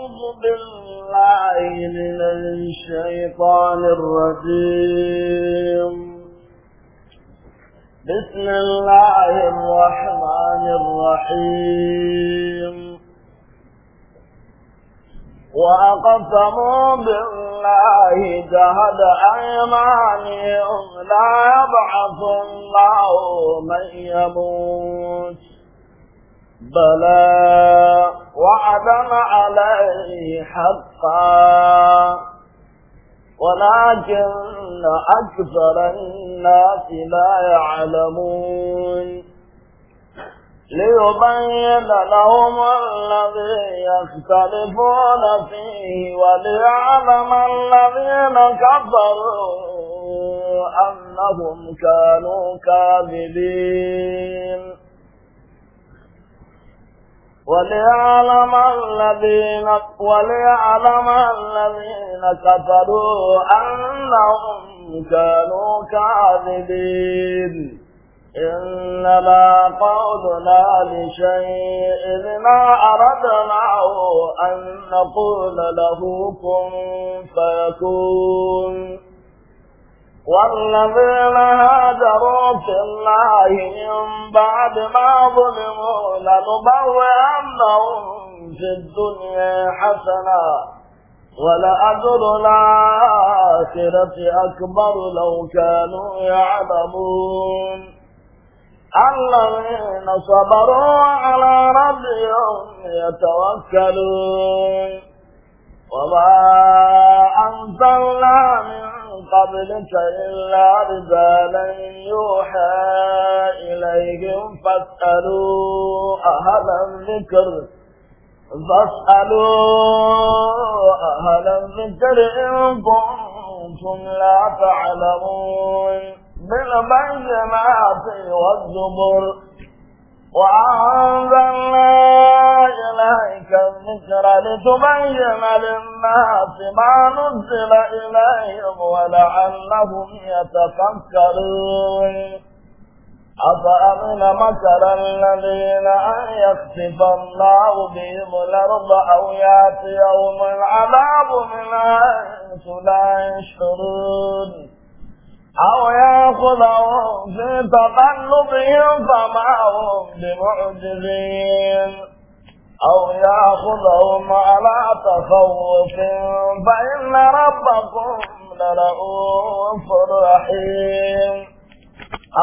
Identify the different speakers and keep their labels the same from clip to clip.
Speaker 1: أعوذ بالله من الشيطان الرجيم بسم الله الرحمن الرحيم وأقسموا بالله جهد أيمانهم لا يبعث الله من يموت بلى وعدم عليه حقا ولكن أكثر الناس لا يعلمون ليبين لهم الذي يختلفون فيه وليعلم الذين كفروا أنهم كانوا كاذبين وليعلم الذين وليعلم الذين كفروا أنهم كانوا كاذبين إنما قولنا لشيء ما أردناه أن نقول له كن فيكون والذين هاجروا في الله من بعد ما ظلموا لنبوئنهم في الدنيا حسنا ولأجر الآخرة أكبر لو كانوا يعلمون الذين صبروا على ربهم يتوكلون وما أنزلنا من قبلك إلا رجالا يوحى إليهم فاسألوا أهل الذكر فاسألوا أهل الذكر إن كنتم لا تعلمون بالبينات والزبر وأنزلنا إليك الذكر لتبين للناس ما نزل إليهم ولعلهم يتفكرون أفأمن مكر الذين أن يخسف الله بهم الأرض أو يأتي يوم العذاب من حيث لا يشعرون أو يأخذهم في تقلبهم فما هم بمعجزين أو يأخذهم على تخوف فإن ربكم لرؤوف رحيم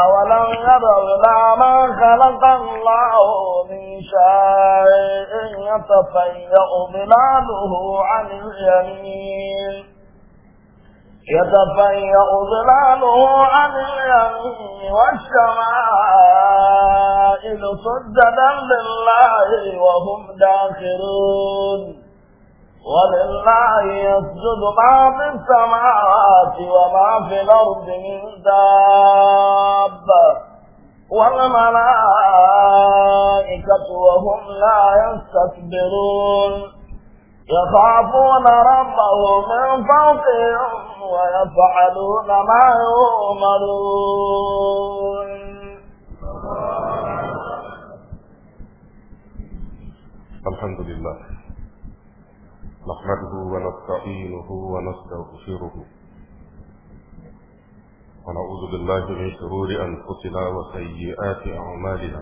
Speaker 1: أولم يروا إلى ما خلق الله من شيء يتفيأ بلاده عن اليمين يتفيأ ظلاله عن اليمين والشمائل سجدا لله وهم داخلون ولله يسجد ما في السماوات وما في الأرض من دابة والملائكة وهم لا يستكبرون يخافون ربهم من فوقهم ويفعلون ما يؤمرون
Speaker 2: الحمد لله نحمده ونستعينه ونستغفره ونعوذ بالله من شرور أنفسنا وسيئات أعمالنا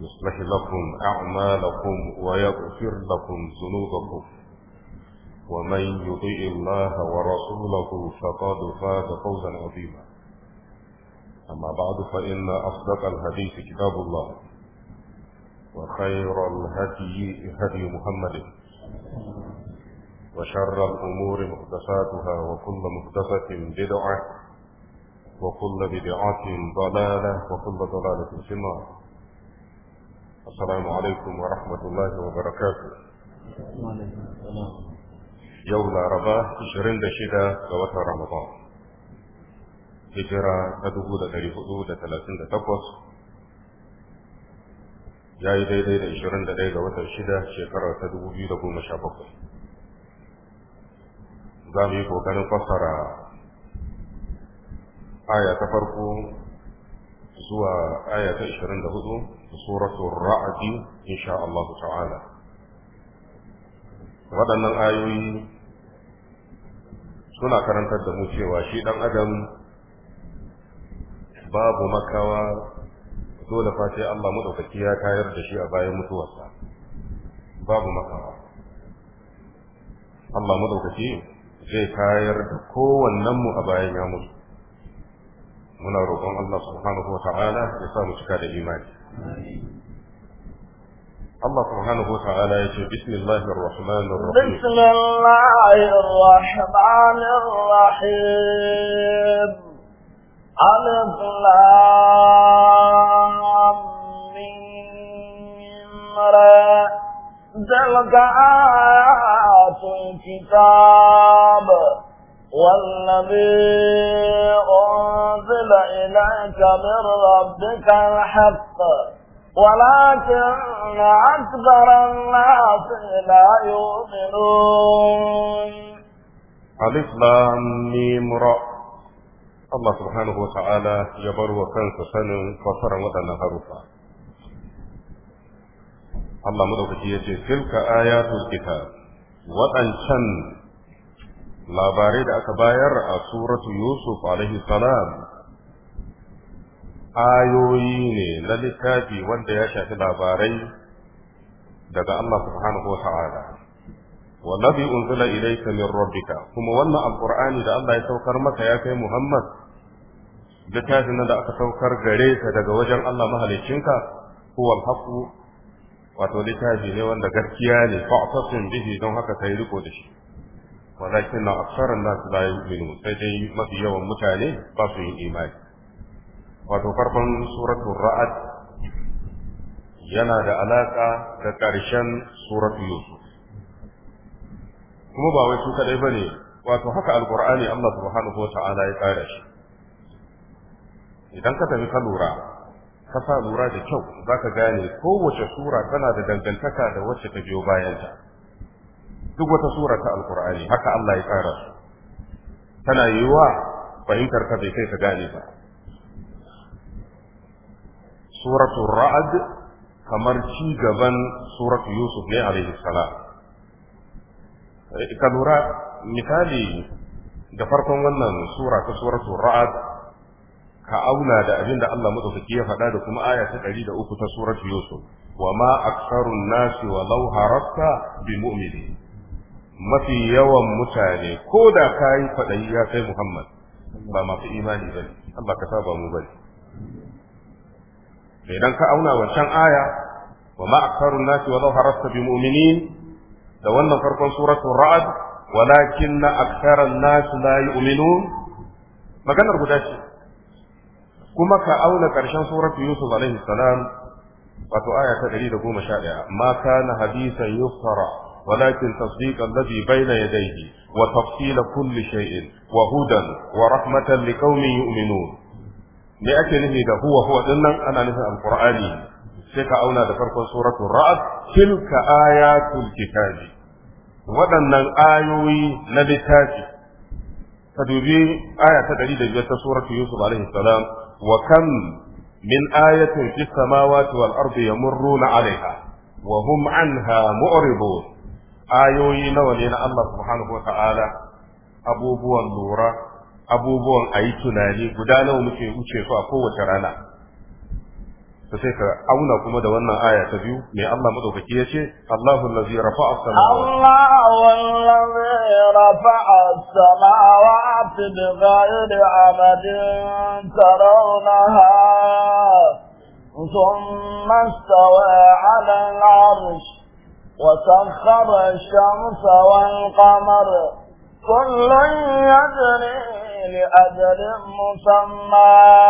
Speaker 2: يصلح لكم أعمالكم ويغفر لكم ذنوبكم ومن يطيع الله ورسوله فقد فاز فوزا عظيما أما بعد فإن أصدق الحديث كتاب الله وخير الهدي هدي محمد وشر الأمور محدثاتها وكل محدثة بدعة وكل بدعة ضلالة وكل ضلالة في النار السلام عليكم ورحمة الله وبركاته يوم العربة 26 لوطن رمضان هجرة تدهو لتاريخ أولى 38 ya yi daidai da 21 ga watan 6 shekarar ta 2017 za mu yi kokarin fassara aya ta farko zuwa aya ta سورة الرعد إن شاء الله تعالى waɗannan ayoyi suna karantar da mu cewa
Speaker 3: shi ɗan adam babu makawa
Speaker 2: dole face Allah maɗaukaki ya tayar da shi a bayan mutuwarsa babu makawa Allah maɗaukaki zai tayar da kowannenmu a bayan ya mutu muna roƙon Allah subhanahu ya sa mu cika da imani الله سبحانه وتعالى يقول بسم الله الرحمن الرحيم
Speaker 1: بسم الله الرحمن الرحيم ألف لام تلك آيات الكتاب والذي أنزل إليك من ربك الحق ولكن أكثر الناس لا يؤمنون
Speaker 2: ألف لام ميم Allah subhanahu wa ta'ala ya bar wa kansa sanin fasarar waɗannan harufa. Allah madaukaki ya ce, Tilka ayatul kitab waɗancan labarai da aka bayar a suratu yusuf alaihi salam ayoyi ne na littafi wanda ya shafi labarai daga Allah subhanahu wa ta'ala
Speaker 3: wallazi unzila ilayka min rabbika kuma wannan alqur'ani da Allah ya saukar maka ya kai Muhammad littafin da aka saukar gare ka daga wajen Allah mahaliccinka huwa alhaqu wato littafi ne wanda gaskiya ne fa'tasim bihi don haka kai riko da shi walakin na aksaran nasu la yu'minu sai dai
Speaker 2: mafi yawan mutane ba su yin imani wato farkon suratul ra'ad yana da alaka da ƙarshen suratul yusuf
Speaker 3: kuma ba wai su ba ne, wato haka alqur'ani Allah subhanahu wata'ala ya tsara shi idan ka tafi ka lura ka sa lura da kyau za ka gane kowace sura tana da dangantaka da wacce ta biyo bayanta duk wata sura ta alkur'ani haka Allah ya kara su
Speaker 2: tana yiwuwa
Speaker 3: fahimtar ka bai kai ka gane ba suratu ra'ad kamar ci gaban suratu yusuf ne alaihi salam eh, ka lura misali da farkon wannan sura ta suratu ra'ad ka auna da abin da Allah madaukaki ya faɗa da kuma aya ta ɗari da uku ta suratu yusuf wa ma aksarun nasi walau harasta bi mu'minin mafi yawan mutane ko da ka yi faɗayi ya kai muhammad ba masu imani ba ne an ba ka saba mu ba ne idan ka auna wancan aya wa ma aktarun nasi wa zau harasta bi mu'minin da wannan farkon suratul ra'd walakinna aktaran nasi la yu'minun maganar guda ce kuma ka auna ƙarshen suratun yusuf alaihi salam wato aya ta ɗaya, ma kana hadisan yusra ولكن تصديق الذي بين يديه وتفصيل كل شيء وهدى ورحمة لقوم يؤمنون me ake nufi da huwa huwa din nan ana nufin alqur'ani sai ka auna da farkon suratul ra'd tilka ayatul kitabi waɗannan ayoyi na littafi ka dubi aya ta 105 ta suratul yusuf alaihi salam wa kam min ayatin fis samawati wal ardi yamurruna alaiha wa hum anha mu'ridun ayoyi nawa ne na Allah subhanahu wa ta'ala abubuwan lura abubuwan a yi tunani guda nawa muke wuce su a kowace rana to sai ka auna kuma da wannan aya ta biyu mai Allah madaukaki ya ce Allahu allazi rafa'a as-samawati
Speaker 1: Allahu allazi rafa'a samawati bi ghayri 'amadin tarawnaha ثم استوى على العرش وسخر الشمس والقمر كل يجري لأجل مسمى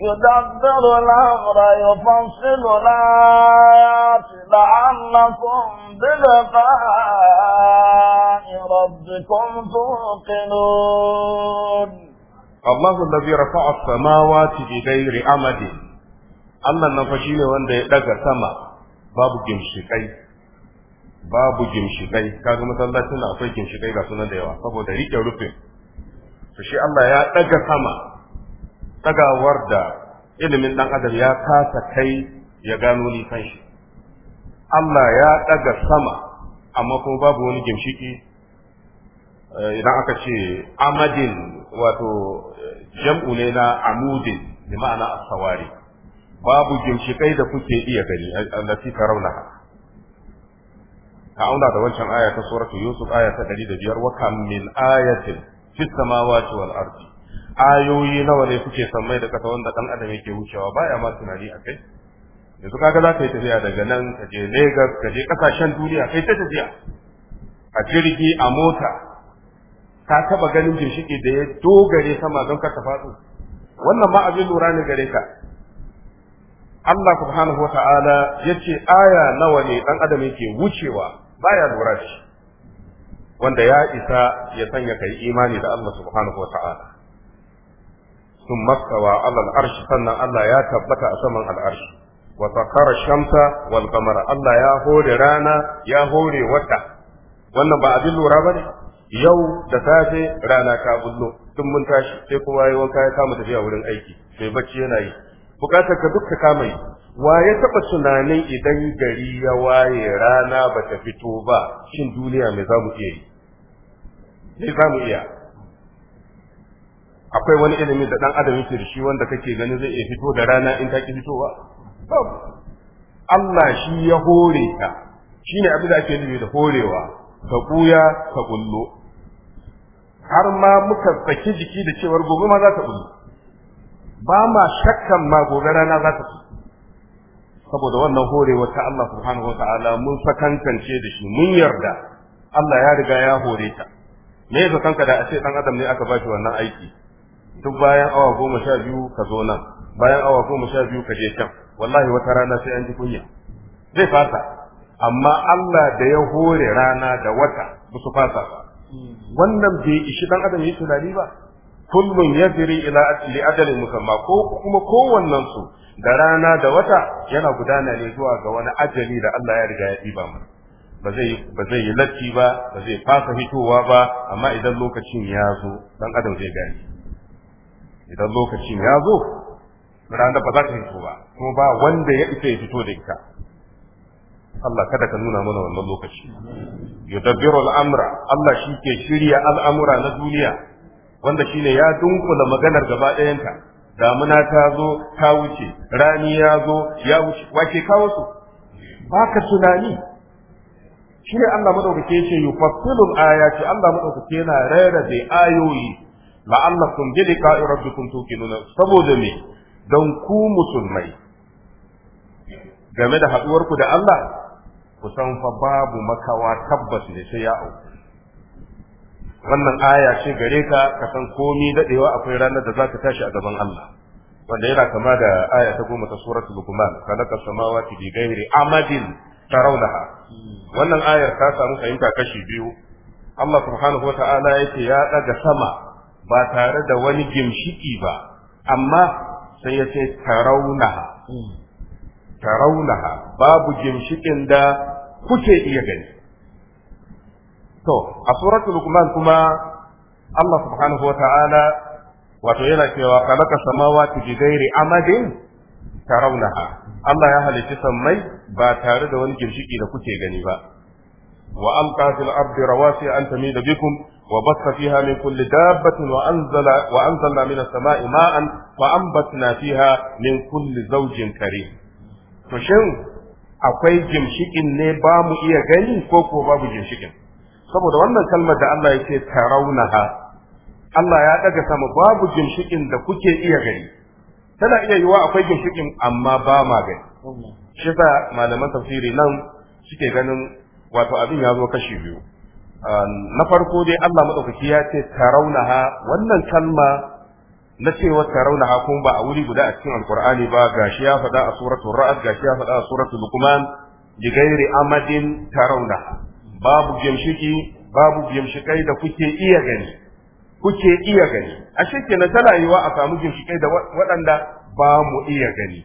Speaker 1: يدبر الأمر يفصل الآيات لعلكم بلقاء ربكم توقنون
Speaker 3: الله الذي رفع السماوات بغير أمد أما نفشيه وأن يدق سما باب جمشقين babu gimshigai kaga masallacin da akwai gimshigai ga sunan da yawa saboda rike rufin to shi Allah ya daga sama tagawar da ilimin dan adam ya kasa kai ya gano ni shi Allah ya daga sama amma kuma babu wani gimshiki eh, idan aka ce amadin wato jam'u ne na amudin bi ma'ana as-sawari babu gimshikai da kuke iya gani allati tarawnaha ka auna da wancan aya ta suratu yusuf aya ta 105 wa kam min ayatin fis samawati wal ardi ayoyi nawa ne kuke mai da kasa wanda dan adam yake wucewa baya ma tunani akai yanzu kaga za ka yi tafiya daga nan ka je Lagos ka je kasashen duniya kai ta tafiya a jirgi a mota ka taba ganin ginshiki da ya dogare sama don ka tafatsu wannan ma abin lura ne gare ka Allah subhanahu wa ta'ala ya ce aya nawa ne ɗan adam yake wucewa baya lura shi wanda ya isa ya sanya kai imani da Allah subhanahu wa ta'ala sun maskawa alal arshi sannan Allah ya tabbata a saman al'arshi wa sakara shamsa wal qamara Allah ya hore rana ya hore wata wannan ba abin lura bane yau da safe rana ta bullo tun mun tashi sai kowa ya wanka ya kama tafiya wurin aiki sai bacci yana yi bukatar ka duk ka kama yi wa ya taɓa tunanin idan gari ya waye rana ba ta fito ba shin duniya me za mu iya yi mai za mu iya akwai wani ilimin da ɗan adam yake da shi wanda kake ganin zai iya fito da rana in ta ki fitowa Allah shi ya hore ta shi ne abin da ake nufi da horewa ka ɓuya ka ɓullo har ma muka tsaki jiki da cewar gobe ma za ta ɓullo ba ma shakkan ma gobe rana za ta fito saboda wannan horewa ta Allah subhanahu wataala mun sakantance da shi mun yarda Allah ya riga ya hore ta me yasa kanka da a ce dan adam ne aka bashi wannan aiki duk bayan awa goma sha biyu ka zo nan bayan awa goma sha biyu ka je can wallahi wata rana sai an ji kunya zai fasa amma Allah da ya hore rana da wata ba fasa wannan bai ishi dan adam yi tunani ba kullun yajri ila ajli ajalin musamma ko kuma kowannen su da rana da wata yana gudana ne zuwa ga wani ajali da Allah ya riga ya diba mu. ba zai ba zai yi latti ba ba zai fasa hitowa ba amma idan lokacin ya zo dan adam zai gani idan lokacin ya zo rana ba za ta hito ba kuma ba wanda ya isa ya fito da ita Allah kada ka nuna mana wannan lokaci yudabbiru al-amra Allah shi ke shirya al'amura na duniya wanda shine ya dunkula maganar gaba ɗayanta damuna ta zo ta wuce rani ya zo ya wuce wace kawo su baka tunani shi ne Allah madaukake ce yufassilu ayati Allah madaukake yana rarrabe ayoyi la'allakum rabbi kun rabbikum nuna. saboda me don ku musulmai game da haɗuwarku da Allah ku san fa babu makawa tabbas ne sai ya auku wannan aya ce gare ka ka san komi dadewa akwai ranar da zaka tashi a gaban Allah wanda yana kama da aya ta goma ta suratul luqman khalaqa samawati bi ghairi amadin tarawnaha wannan ayar ta samu fahimta kashi biyu Allah subhanahu wata'ala yake ya daga sama ba tare da wani gimshiki ba amma sai ya ce tarawnaha hmm. tarawnaha babu gimshikin da kuke iya gani to a suratul luqman kuma Allah subhanahu wata'ala wato yana cewa khalaqa samawati bi ghairi amadin tarawnaha Allah ya halicci sammai ba tare da wani girshiki da kuke gani ba wa amqa fil ardi rawasi an tamida bikum wa basta fiha min kulli dabbatin wa anzala wa anzalna samai ma'an wa ambatna fiha min kulli zawjin karim to shin akwai gimshikin ne ba mu iya gani ko ko babu gimshikin saboda wannan kalmar da Allah yake tarawunaha Allah ya daga sama babu ginshikin da kuke iya gani tana iya yiwa akwai ginshikin amma ba ma gani shi sa malaman tafsiri nan suke ganin wato abin ya zo kashi biyu ah, na farko dai Allah madaukaki ya ce tarawunaha wannan kalma na cewa tarawunaha kuma ba a wuri guda a cikin alkur'ani ba gashi ya faɗa a suratul ra'd gashi ya faɗa a suratul luqman bi ghairi amadin tarawunaha babu gimshiki babu gimshikai da kuke iya gani kuke iya gani a shirke na tana yiwa a samu gimshikai da waɗanda ba mu iya gani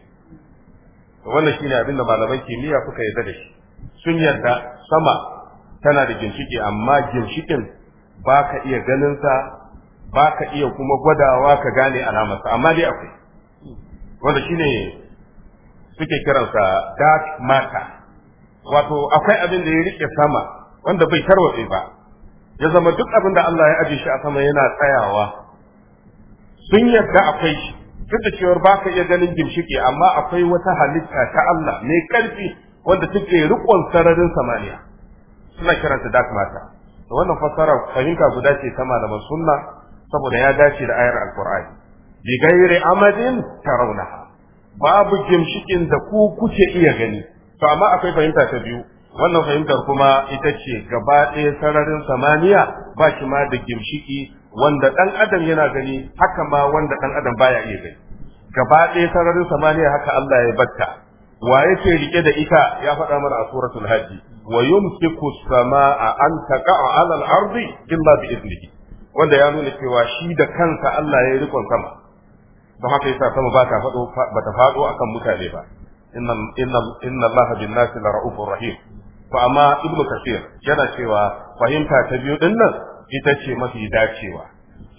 Speaker 3: wannan shine abin da malaman kimiyya kuka yarda da shi sun yarda sama tana da ginshiki amma ginshikin ba ka iya ganinsa ba ka iya kuma gwadawa ka gane alamarsa amma dai akwai wanda shine suke kiransa dark matter wato akwai abin da ya rike sama wanda bai tarwatse ba ya zama duk abin da Allah ya aje shi a sama yana tsayawa sun yarda akwai shi duk da cewar ba ka iya ganin gimshiki amma akwai wata halitta ta Allah mai karfi wanda take riƙon sararin samaniya suna kiranta dark matter da wannan fassara fahimta guda ce ta malaman sunna saboda ya dace da ayar alqur'ani bi ghairi amadin tarawnaha babu gimshikin da ku kuke iya gani to amma akwai fahimta ta biyu wannan fahimtar kuma ita ce gaba ɗaya sararin samaniya ba shi ma da gimshiki wanda ɗan adam yana gani haka ma wanda ɗan adam baya iya gani gaba ɗaya sararin samaniya haka Allah ya batta wa yake rike da ita ya faɗa mana a suratul hajji wa yumsiku samaa an taqa'a 'ala al-ardi illa bi idnihi wanda ya nuna cewa shi da kansa Allah ya rikon sama don haka yasa sama ba ta faɗo ba ta faɗo akan mutane ba inna inna inna Allah bin nasi la ra'ufur rahim to amma ibnu kasir yana cewa fahimta ta biyu din nan ita ce mafi dacewa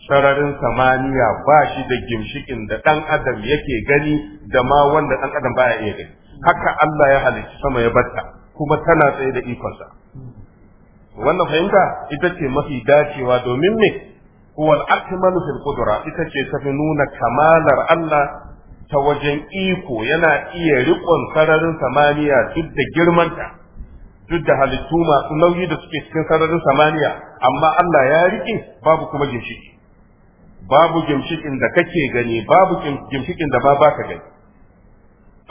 Speaker 3: sararin samaniya ba shi da gimshikin da dan adam yake gani da ma wanda dan adam baya iya gani haka Allah ya halicci sama ya batta kuma tana tsaye da ikonsa wannan fahimta ita ce mafi dacewa domin me huwa al-akmalu fil qudra ita ce tafi nuna kamalar Allah ta wajen iko yana iya rikon sararin samaniya duk da girmanta duk da halittu masu nauyi da suke cikin sararin samaniya amma Allah ya rike babu kuma ginshiki babu gimshikin da kake gani babu gimshikin da ba baka gani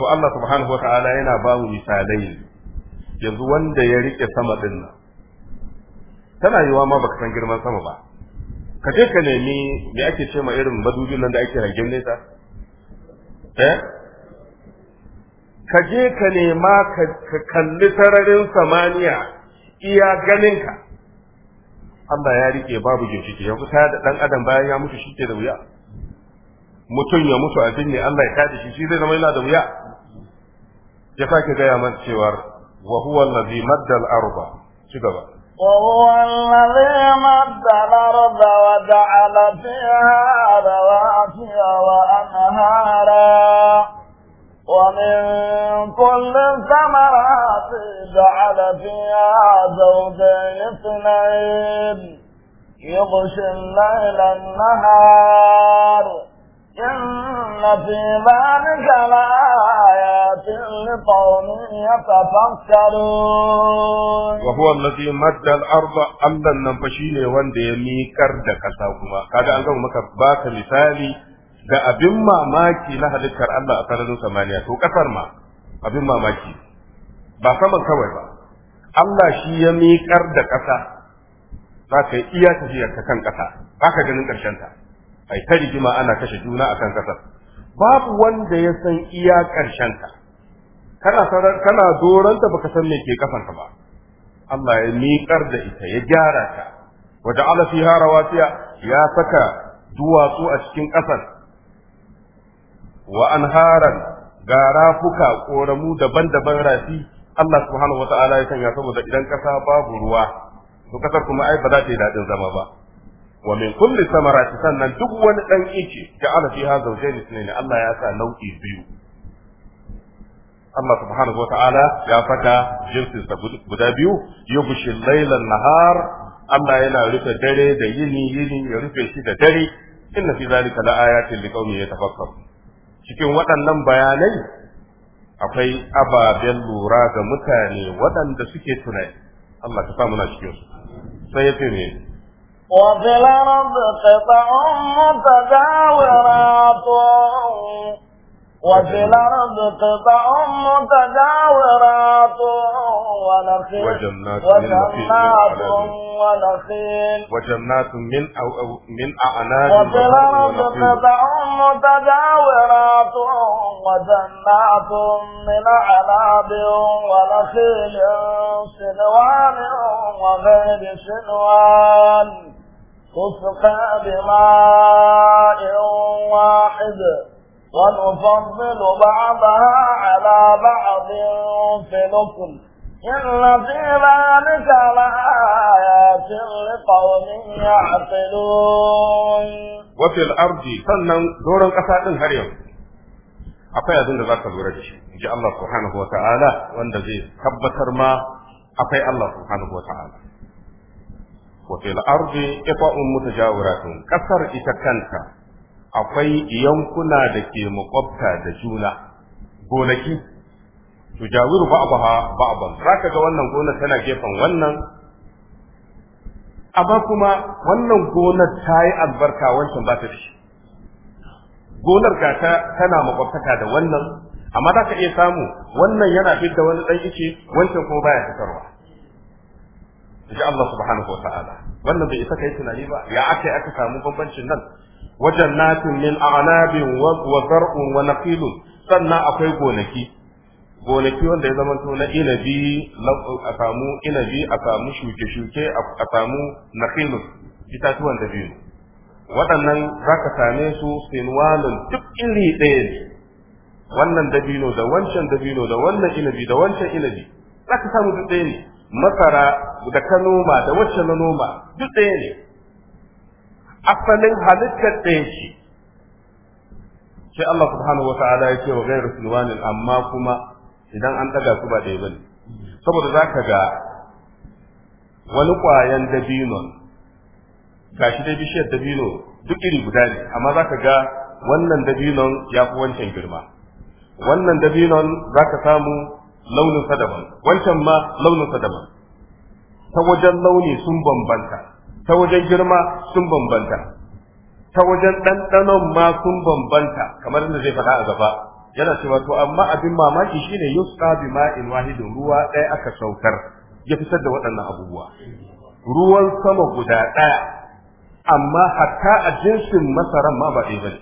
Speaker 3: to Allah subhanahu wata'ala yana ba mu misalai yanzu wanda ya rike sama din nan tana yiwa ma baka san girman sama ba ka je ka nemi me ake ce ma irin madubin nan da ake hangen nesa eh ka je ka nema ka kalli sararin samaniya iya ganinka Allah ya rike babu ginshiki ya kusa da dan adam bayan ya mutu shi ke da wuya mutum ya mutu a jinne Allah ya kaji shi shi zai zama yana da wuya ya sake gaya man cewar wa huwa allazi madda al-arba ci gaba
Speaker 1: وهو الذي مد الأرض وجعل فيها رواسي وأنهارا ومن كل الثمرات جعل فيها زوجين اثنين يغشي الليل النهار إن في ذلك لآيات لقوم يتفكرون وهو
Speaker 2: الذي
Speaker 3: مد الأرض أمدا ننفشيني وان دي ميكر دكتا كما هذا أنه مكباك مثالي da abin mamaki na halittar Allah a sararin samaniya to kasar ma abin mamaki ba saman kawai ba Allah shi ya miƙar da ƙasa za ka yi iya tafiyar ta kan ƙasa ba ka ganin ƙarshenta ai ta rigima ana kashe juna a kan ƙasar babu wanda ya san iya ƙarshenta kana doronta doranta baka san me ke kafanta ba Allah ya miƙar da ita ya gyara ta wa ja'ala fiha rawasiya ya saka duwatsu a cikin ƙasar wa anharan ga rafuka koramu daban-daban rafi Allah subhanahu ta'ala ya sanya saboda idan kasa babu ruwa to kasar kuma ai ba za ta yi dadin zama ba wa min kulli samarati sannan duk wani dan ice ga ala fiha zawjayn ne Allah ya sa nau'i biyu Allah subhanahu ta'ala ya fata jinsinsa guda biyu yughshil layla nahar Allah yana rufe dare da yini yini ya rufe shi da dare inna fi zalika la ayatin liqaumin yatafakkarun cikin waɗannan bayanai akwai ababen lura ga mutane waɗanda suke tunai Allah ka samu na
Speaker 2: cikin su sai ya ce ne
Speaker 1: وفي الأرض قطع متجاورات
Speaker 2: وفي الأرض
Speaker 1: قطع متجاورات ونخيل وجنات ونخيل
Speaker 3: وجنات من أو, أو من أعناب وفي الأرض قطع
Speaker 1: متجاورات وجنات من أعناب ونخيل سنوان وغير سنوان تسقى بماء واحد ونفضل بعضها على بعض في لكم إن في ذلك لآيات لقوم يعقلون
Speaker 3: وفي الأرض فنن دور القصائد الهريم أقيا دون ذاك الورج جاء الله سبحانه وتعالى وأن واندزي كبتر ما أقيا الله سبحانه وتعالى وفي الأرض إطاء متجاورات كسر إتكنتا akwai yankuna da ke makwabta da juna gonaki ba ba Za zaka ga wannan gonar tana gefen wannan amma kuma wannan gonar ta yi albarka wancan ba ta da shi gonar ga ta tana makwabtaka da wannan amma za ka iya samu wannan yana da wani ɗan ice wancan kuma baya fitarwa ji Allah subhanahu wa ta'ala wannan bai isa kai tunani ba ya aka aka samu bambancin nan wa jannatin min a'nabin wa zar'un wa nakhilun sannan akwai gonaki gonaki wanda ya zama to na inabi a samu inabi a samu shuke-shuke a samu nakhilun itatuwan da biyu waɗannan za ka same su sinwanin duk iri ɗaya ne wannan dabino da wancan dabino da wannan inabi da wancan inabi za ka samu duk ɗaya ne masara da ka noma da wancan na noma duk ɗaya ne asalin halittar ɗaya ce sai Allah subhanahu wa ta'ala ya ce wa gairu sulwanin amma kuma idan an ɗaga su ba ɗaya bane saboda za ka ga wani ƙwayan dabino gashi dai bishiyar dabino duk iri guda ne amma za ka ga wannan dabinon ya fi wancan girma wannan dabinon za ka samu launinsa daban wancan ma launinsa daban ta wajen launi sun bambanta ta wajen girma sun bambanta ta wajen ɗanɗanon ma sun bambanta kamar da zai faɗa a gaba yana cewa to amma abin mamaki shine yusqa bi ma'in wahidin ruwa ɗaya aka saukar ya fitar da waɗannan abubuwa ruwan sama guda ɗaya amma hatta a jinsin masaran ma ba ɗaya bane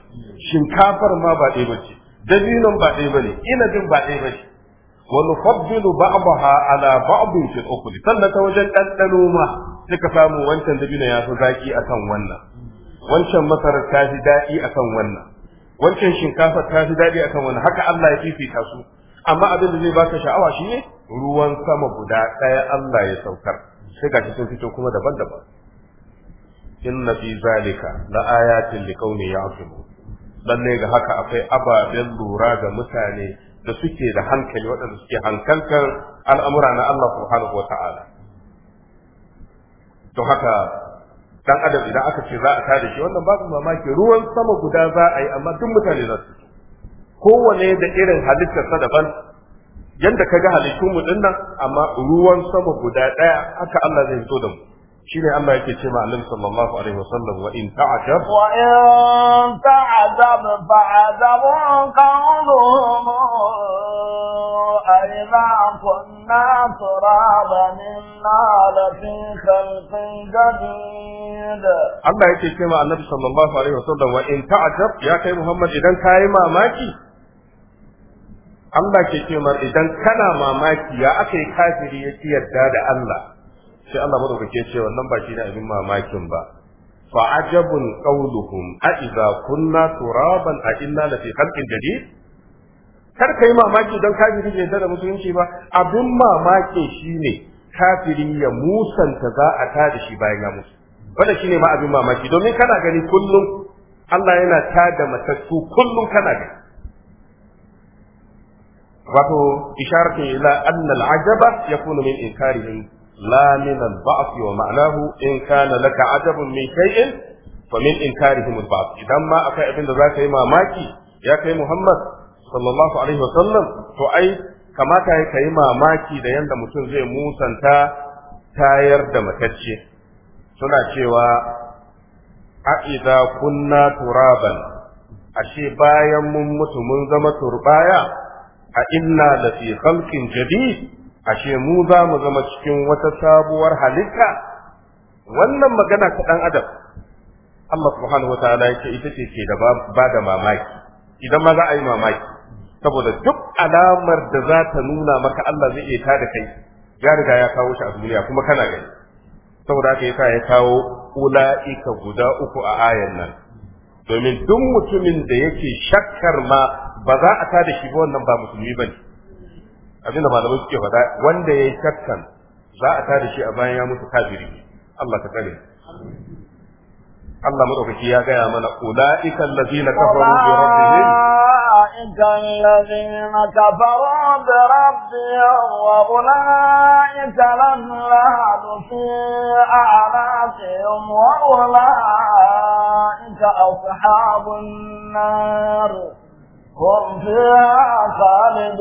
Speaker 3: shinkafar ma ba ɗaya bace dabinon ba ɗaya bane inabin ba ɗaya Wani nufaddilu ba'daha ala ba'din fil sannan ta wajen ɗanɗano ma suka samu wancan dabino ya fi zaki akan wannan wancan masarar ta fi daɗi akan wannan wancan shinkafa ta fi daɗi akan wannan haka Allah ya fifita su amma abin da zai baka sha'awa shi ne. ruwan sama guda ɗaya Allah ya saukar sai ga sun fito kuma daban-daban inna fi zalika la ayatin liqaumi ya'qilu lalle ga haka akwai ababen lura ga mutane da suke da hankali waɗanda suke hankalkan al'amura na Allah subhanahu wa ta'ala to haka dan adam idan aka ce za a tare shi wannan babu mamaki ruwan sama guda za a yi amma duk mutane za su kowane da irin halittarsa daban yanda ka ga mu dinnan amma ruwan sama guda ɗaya haka Allah zai zo da mu shine Allah yake ce ma Annabi sallallahu alaihi wasallam wa in ta'ajab wa
Speaker 1: in ta'ajab fa'adabun qawluhum أئذا كنا ترابا إنا لفي خلق جديد
Speaker 3: Allah yake ce ma Annabi sallallahu alaihi wasallam wa in ta'ajab ya kai Muhammad idan kai mamaki Allah ke ce mar idan kana mamaki ya aka yi kafiri ya ci yarda da Allah sai Allah madaukake ce wannan ba shi ne abin mamakin ba fa ajabun qawluhum a idza kunna turaban a inna la fi khalqin jadid kar kai mamaki dan kafiri bai da musulunci ba abin mamaki shine kafiri ya musanta za a tada shi bayan ya musu wanda shine ma abin mamaki domin kana gani kullum Allah yana tada matattu kullun kana gani wato isharatu ila anna al-ajaba yakunu min inkarihim la min al-ba'th wa ma'nahu in kana laka ajabun min shay'in fa min inkarihim al-ba'th idan ma akai abin da ka yi mamaki ya kai Muhammad sallallahu alaihi wa sallam to ai kamata ya kai mamaki da yanda mutum zai musanta tayar da matacce suna cewa A'iza idza kunna turaban ashe bayan mun mutu mun zama turbaya a inna lafi khalqin jadid ashe mu za mu zama cikin wata sabuwar halitta wannan magana ta dan adam Allah subhanahu wataala yake ita ce ke da ba da mamaki idan ma za a yi mamaki saboda duk alamar da za ta nuna maka Allah zai iya da kai ya riga ya kawo shi a duniya kuma kana gani saboda haka yasa ya kawo ula'ika guda uku a ayan nan domin duk mutumin da yake shakkar ma ba za a tada shi ba wannan ba musulmi bane abin da malamai suke faɗa wanda yayi shakkan za a tada shi a bayan ya mutu kafiri Allah ta tsare Allah madaukaki ya gaya mana ulaika allazina kafaru bi rabbihim
Speaker 1: أولئك الذين كفروا بربهم وأولئك الأنهار في أعناقهم وأولئك أصحاب النار هم فيها خالدون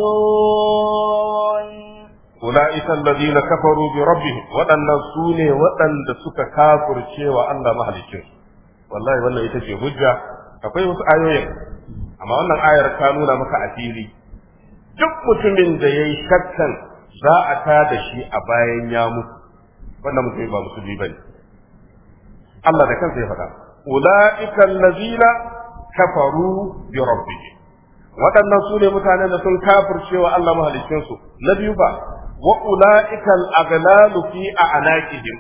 Speaker 3: أولئك الذين كفروا بربهم وأن سوني وأن سك كافر شيء وأن مهلك والله والله يتشي هجة akwai wasu ayoyin amma wannan ayar ta nuna maka asiri duk mutumin da ya yi shakkan za a ta da shi a bayan ya mutu wannan mutum ba musulmi ba ne Allah da kansa ya faɗa ula'ika allazina kafaru bi rabbihim waɗannan su ne mutanen da sun cewa Allah mahalicinsu na biyu ba wa ula'ikal aghlalu fi a'naqihim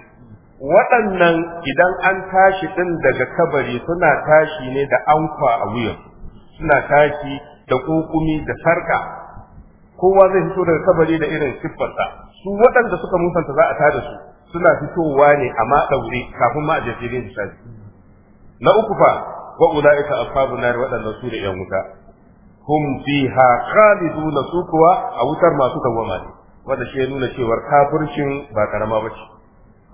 Speaker 3: waɗannan idan an tashi din daga kabari suna tashi ne da anfa a wuyan suna tashi da kokumi da sarka kowa zai fito daga kabari da irin siffarsa su waɗanda suka musanta za a tada su suna fitowa ne amma ɗaure kafin ma a je su na uku fa wa ula'ika ashabun nar waɗannan su da yan wuta hum fiha khalidun su kuwa a wutar masu dawwama ne wanda shi ya nuna cewa kafircin ba karama bace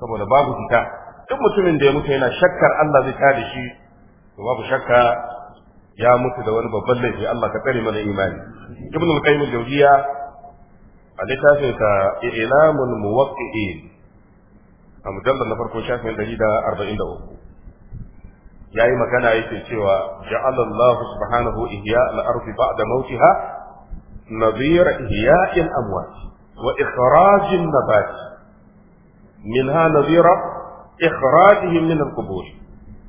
Speaker 3: saboda babu fita duk mutumin da ya mutu yana shakkar Allah zai kare shi to babu shakka ya mutu da wani babban laifi Allah ka tsare mana imani ibn al-qayyim al-jawziya a littafin ta ilamul muwaqqi'in a mujallal na farko shafin 143 yayi magana yake cewa ja'alallahu subhanahu ihya al-ardi ba'da mawtiha nadhira ihya'i al-amwat wa ikhraj an-nabat minha nadhira ikhrajihim min al-qubur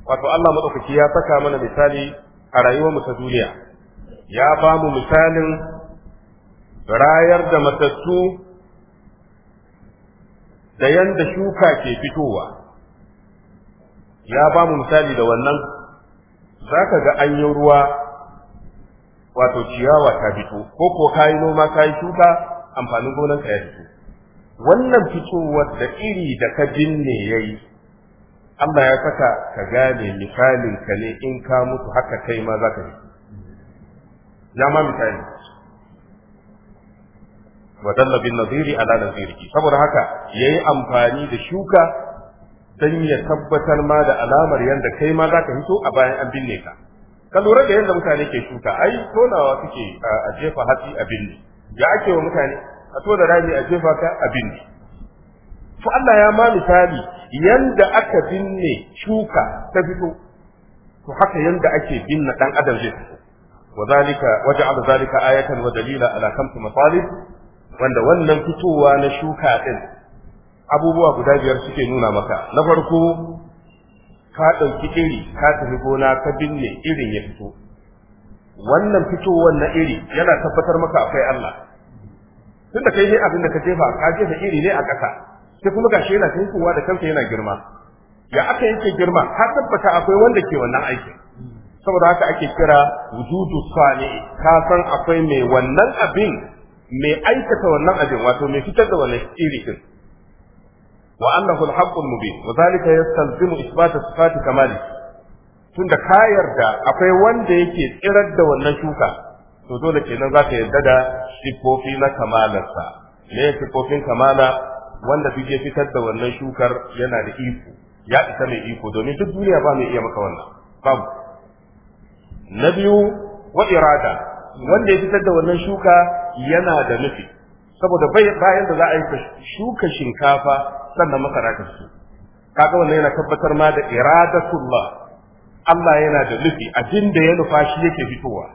Speaker 3: wato Allah madaukaki ya saka mana misali a rayuwar mu ta duniya ya ba mu misalin rayar da matattu da yanda shuka ke fitowa ya ba mu misali da wannan za ka ga an ruwa wato ciyawa ta fito ko ko ka yi noma ka yi shuka amfanin gonanka ya fito wannan fitowar da iri da ka binne ya yi Allah ya saka ka gane misalin ka ne in ka mutu haka kai ma za ka yi ya ma misali wa dalla bin naziri ala nadiri saboda haka yayi amfani da shuka don ya tabbatar ma da alamar yadda kai ma za ka hito a bayan an binne ka ka lura da yadda mutane ke shuka ai tonawa suke a jefa hatsi a binne ya ake wa mutane a tona rami a jefa ka a binne to Allah ya ma misali yanda aka binne shuka ta fito to haka yanda ake binne dan adam zai fito وذلك zalika ayatan wa dalila ala خمس مطالب wanda wannan fitowa na shuka din. abubuwa guda biyar suke nuna maka na farko ka ɗauki iri ka tafi gona ka binne irin ya fito wannan fitowar na iri yana tabbatar maka akwai Allah tunda kai ne abin da ka jefa ka jefa iri ne a ƙasa sai kuma gashi yana tinkuwa da kanka yana girma ya aka yake girma ka tabbata akwai wanda ke wannan aikin saboda haka ake kira wujudu sani ka san akwai mai wannan abin mai aikata wannan abin wato mai fitar da wannan iri din وأنه الحق المبين وذلك يستلزم إثبات صفات كماله tunda ka yarda akwai wanda yake tsirar da wannan shuka to dole kenan za ka yarda da sifofi na kamalarsa me sifofin kamala wanda duk ya fitar da wannan shukar yana da iko ya isa mai iko domin duk duniya ba mai iya maka wannan babu na biyu wa irada wanda ya fitar da wannan shuka yana da nufi saboda bayan da za a yi shuka shinkafa sannan masara ta su kaga wannan yana tabbatar ma da iradatullah Allah yana da nufi abin da ya nufa shi yake fitowa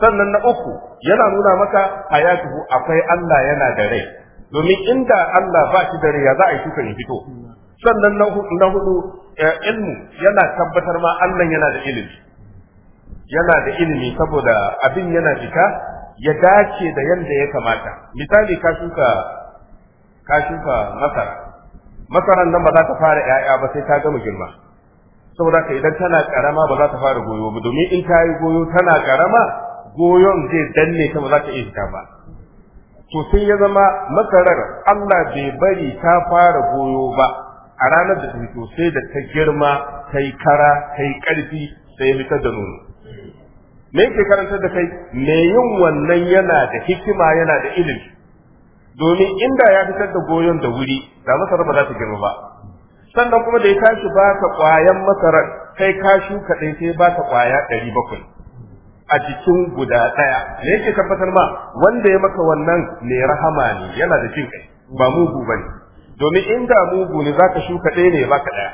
Speaker 3: sannan na uku yana nuna maka hayatuhu akwai Allah yana da rai domin inda Allah ba shi da rai ya za a yi shuka ya fito sannan na hudu eh, ilmu yana tabbatar ma Allah yana da ilimi yana da ilimi saboda abin yana fita ya dace da yadda ya kamata misali ka shuka ka shuka masara masaran nan ba za ta fara 'ya'ya ba sai ta gama girma saboda ka idan tana karama ba za ta fara goyo ba domin in ta yi goyo tana karama goyon zai danne ta ba za ta iya fita ba to sai ya zama masarar Allah bai bari ta fara goyo ba a ranar da ta fito sai da ta girma ta yi kara ta yi ƙarfi sai ya fitar da nono me yake karantar da kai me yin wannan yana da hikima yana da ilimi domin inda ya fitar da goyon da wuri da masarar ba za ta girma ba sannan kuma da ya tashi ba ka ƙwayan masarar kai ka shuka ɗaya sai ba ka ƙwaya ɗari bakwai a jikin guda ɗaya me yake tabbatar ma wanda ya maka wannan ne rahama ne yana da jin kai ba mugu ba ne. domin inda mugu ne za ka shuka ɗaya ne ba ka ɗaya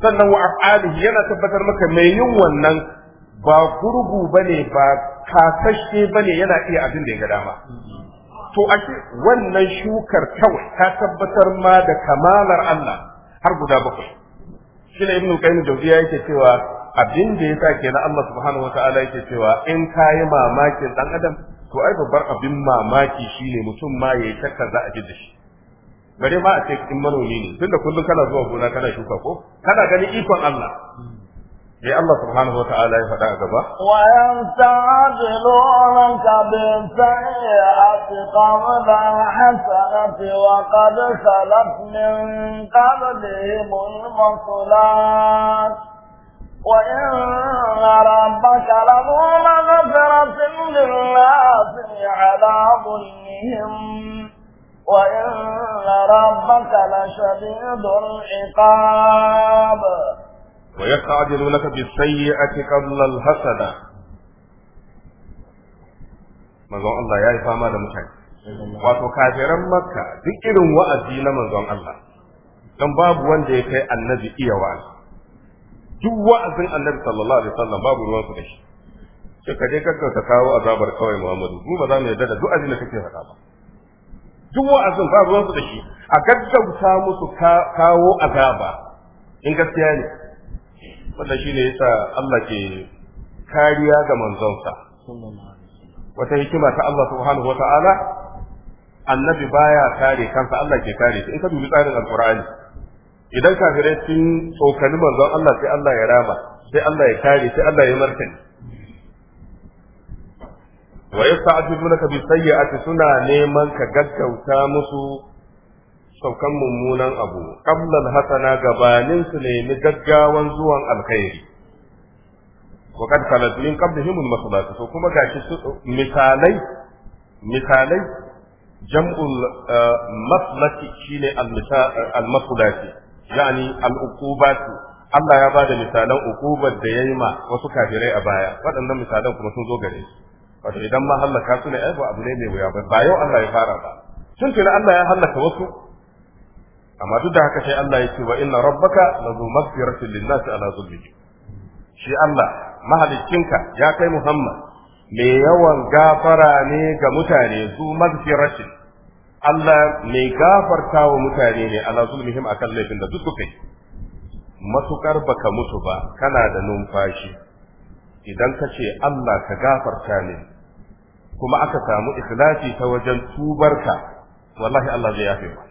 Speaker 3: sannan wa yana tabbatar maka mai yin wannan ba gurgu bane ba kasashe bane yana iya abin da ya ga dama to ake wannan shukar kawai ta tabbatar ma da kamalar Allah har guda bakwai shi ne ibnu qayyim jawziya yake cewa abin da ke na Allah subhanahu wataala yake cewa in kayi mamakin dan adam to ai babbar abin mamaki shine mutum ma yayi takka za a ji da shi bare ma a ce in manomi ne tunda kullum kana zuwa gona kana shuka ko kana ganin ikon Allah sai Allah subhanahu wa ta'ala ya
Speaker 2: faɗa a gaba
Speaker 1: wa yasta'jilunaka bil sayyi'ati qabla al-hasanati wa qad salat min qablihim al-masulat وإن ربك لذو مغفرة للناس على ظلمهم وإن ربك لشديد iqab.
Speaker 3: wa yasta'jilunaka bis-sayyi'ati qabla al-hasana manzon Allah ya yi fama da mutane wato kafiran makka duk irin wa'azi na manzon Allah dan babu wanda ya kai annabi iya wa'azi duk wa'azin annabi sallallahu alaihi wasallam babu ruwan su da shi sai ka je kawo azabar kawai Muhammadu mu za mu yarda da duk da kake faɗa ba duk wa'azin ba su da shi a gaggauta musu kawo azaba in gaskiya ne wanda ne yasa Allah ke kariya ga manzonsa wata hikima ta Allah subhanahu ta'ala annabi baya kare kansa Allah ke kare shi in ka dubi tsarin alqur'ani idan kafirai sun tsokani manzon Allah sai Allah ya rama sai Allah ya kare sai Allah ya martani wa ka bi sayyi'ati suna neman ka gaggauta musu saukan mummunan abu qablal hasana gabanin su nemi gaggawan zuwan alkhairi wa kad khalat min qablihim al so kuma gashi misalai misalai jam'ul eh, maslati shine al masalati yani al uqubat Allah ya ba da misalan ukubar da ya yi ma wasu kafirai a baya waɗannan misalan kuma sun zo gare su wato idan ma halaka su ne ai ba abu ne mai wuya ba ba yau Allah ya fara ba tun tuni Allah ya halaka wasu amma duk da haka sai Allah ya ce wa inna rabbaka la zu maghfiratin lin nasi ala zulmihim shi Allah mahaliccinka ya kai Muhammad Me yawan gafara ne ga mutane zu maghfiratin Allah mai gafarta wa mutane ne ala zulmihim akan laifin da duk suka matukar baka mutu ba kana da numfashi idan ka ce Allah ka gafarta ne kuma aka samu ikhlasi ta wajen tubarka wallahi Allah zai yafe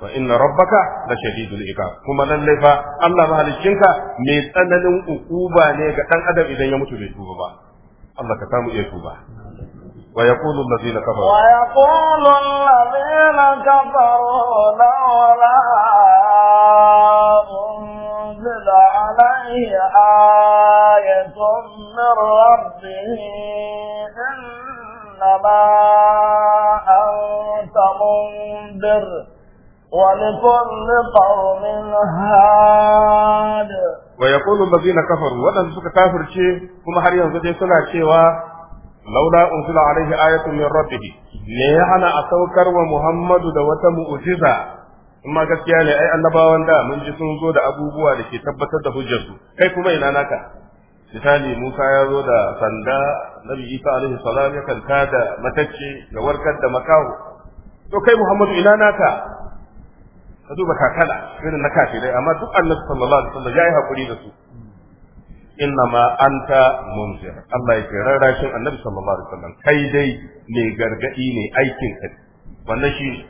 Speaker 3: fa inna rabbaka la shadidul iqab kuma lallai fa Allah mahaliccinka mai tsananin ukuba ne ga dan adam idan ya mutu bai tuba ba Allah ka samu iya tuba wa yaqulu
Speaker 2: allazina kafaru wa
Speaker 1: yaqulu allazina kafaru lawla unzila alayya ayatun min rabbih innama anta ولكل قوم هاد
Speaker 2: ويقول الذين كفروا ولن
Speaker 3: سك كافر شيء كما هر ينزل دي سنا cewa laula unzila alaihi ayatun min rabbih me ya hana a saukar wa Muhammadu da wata mu'jiza amma gaskiya ne ai annabawan da mun ji sun zo da abubuwa da ke tabbatar da hujjarsu kai kuma ina naka misali Musa ya zo da sanda Nabi Isa alaihi salam ya kanta da matacce da warkar da makaho to kai Muhammadu ina naka ka duba kakala irin na dai, amma duk annabi sallallahu alaihi wasallam yayi hakuri da su inna ma anta munzir Allah ya rarrashin annabi sallallahu alaihi wasallam kai dai ne gargadi ne aikin ka wannan shi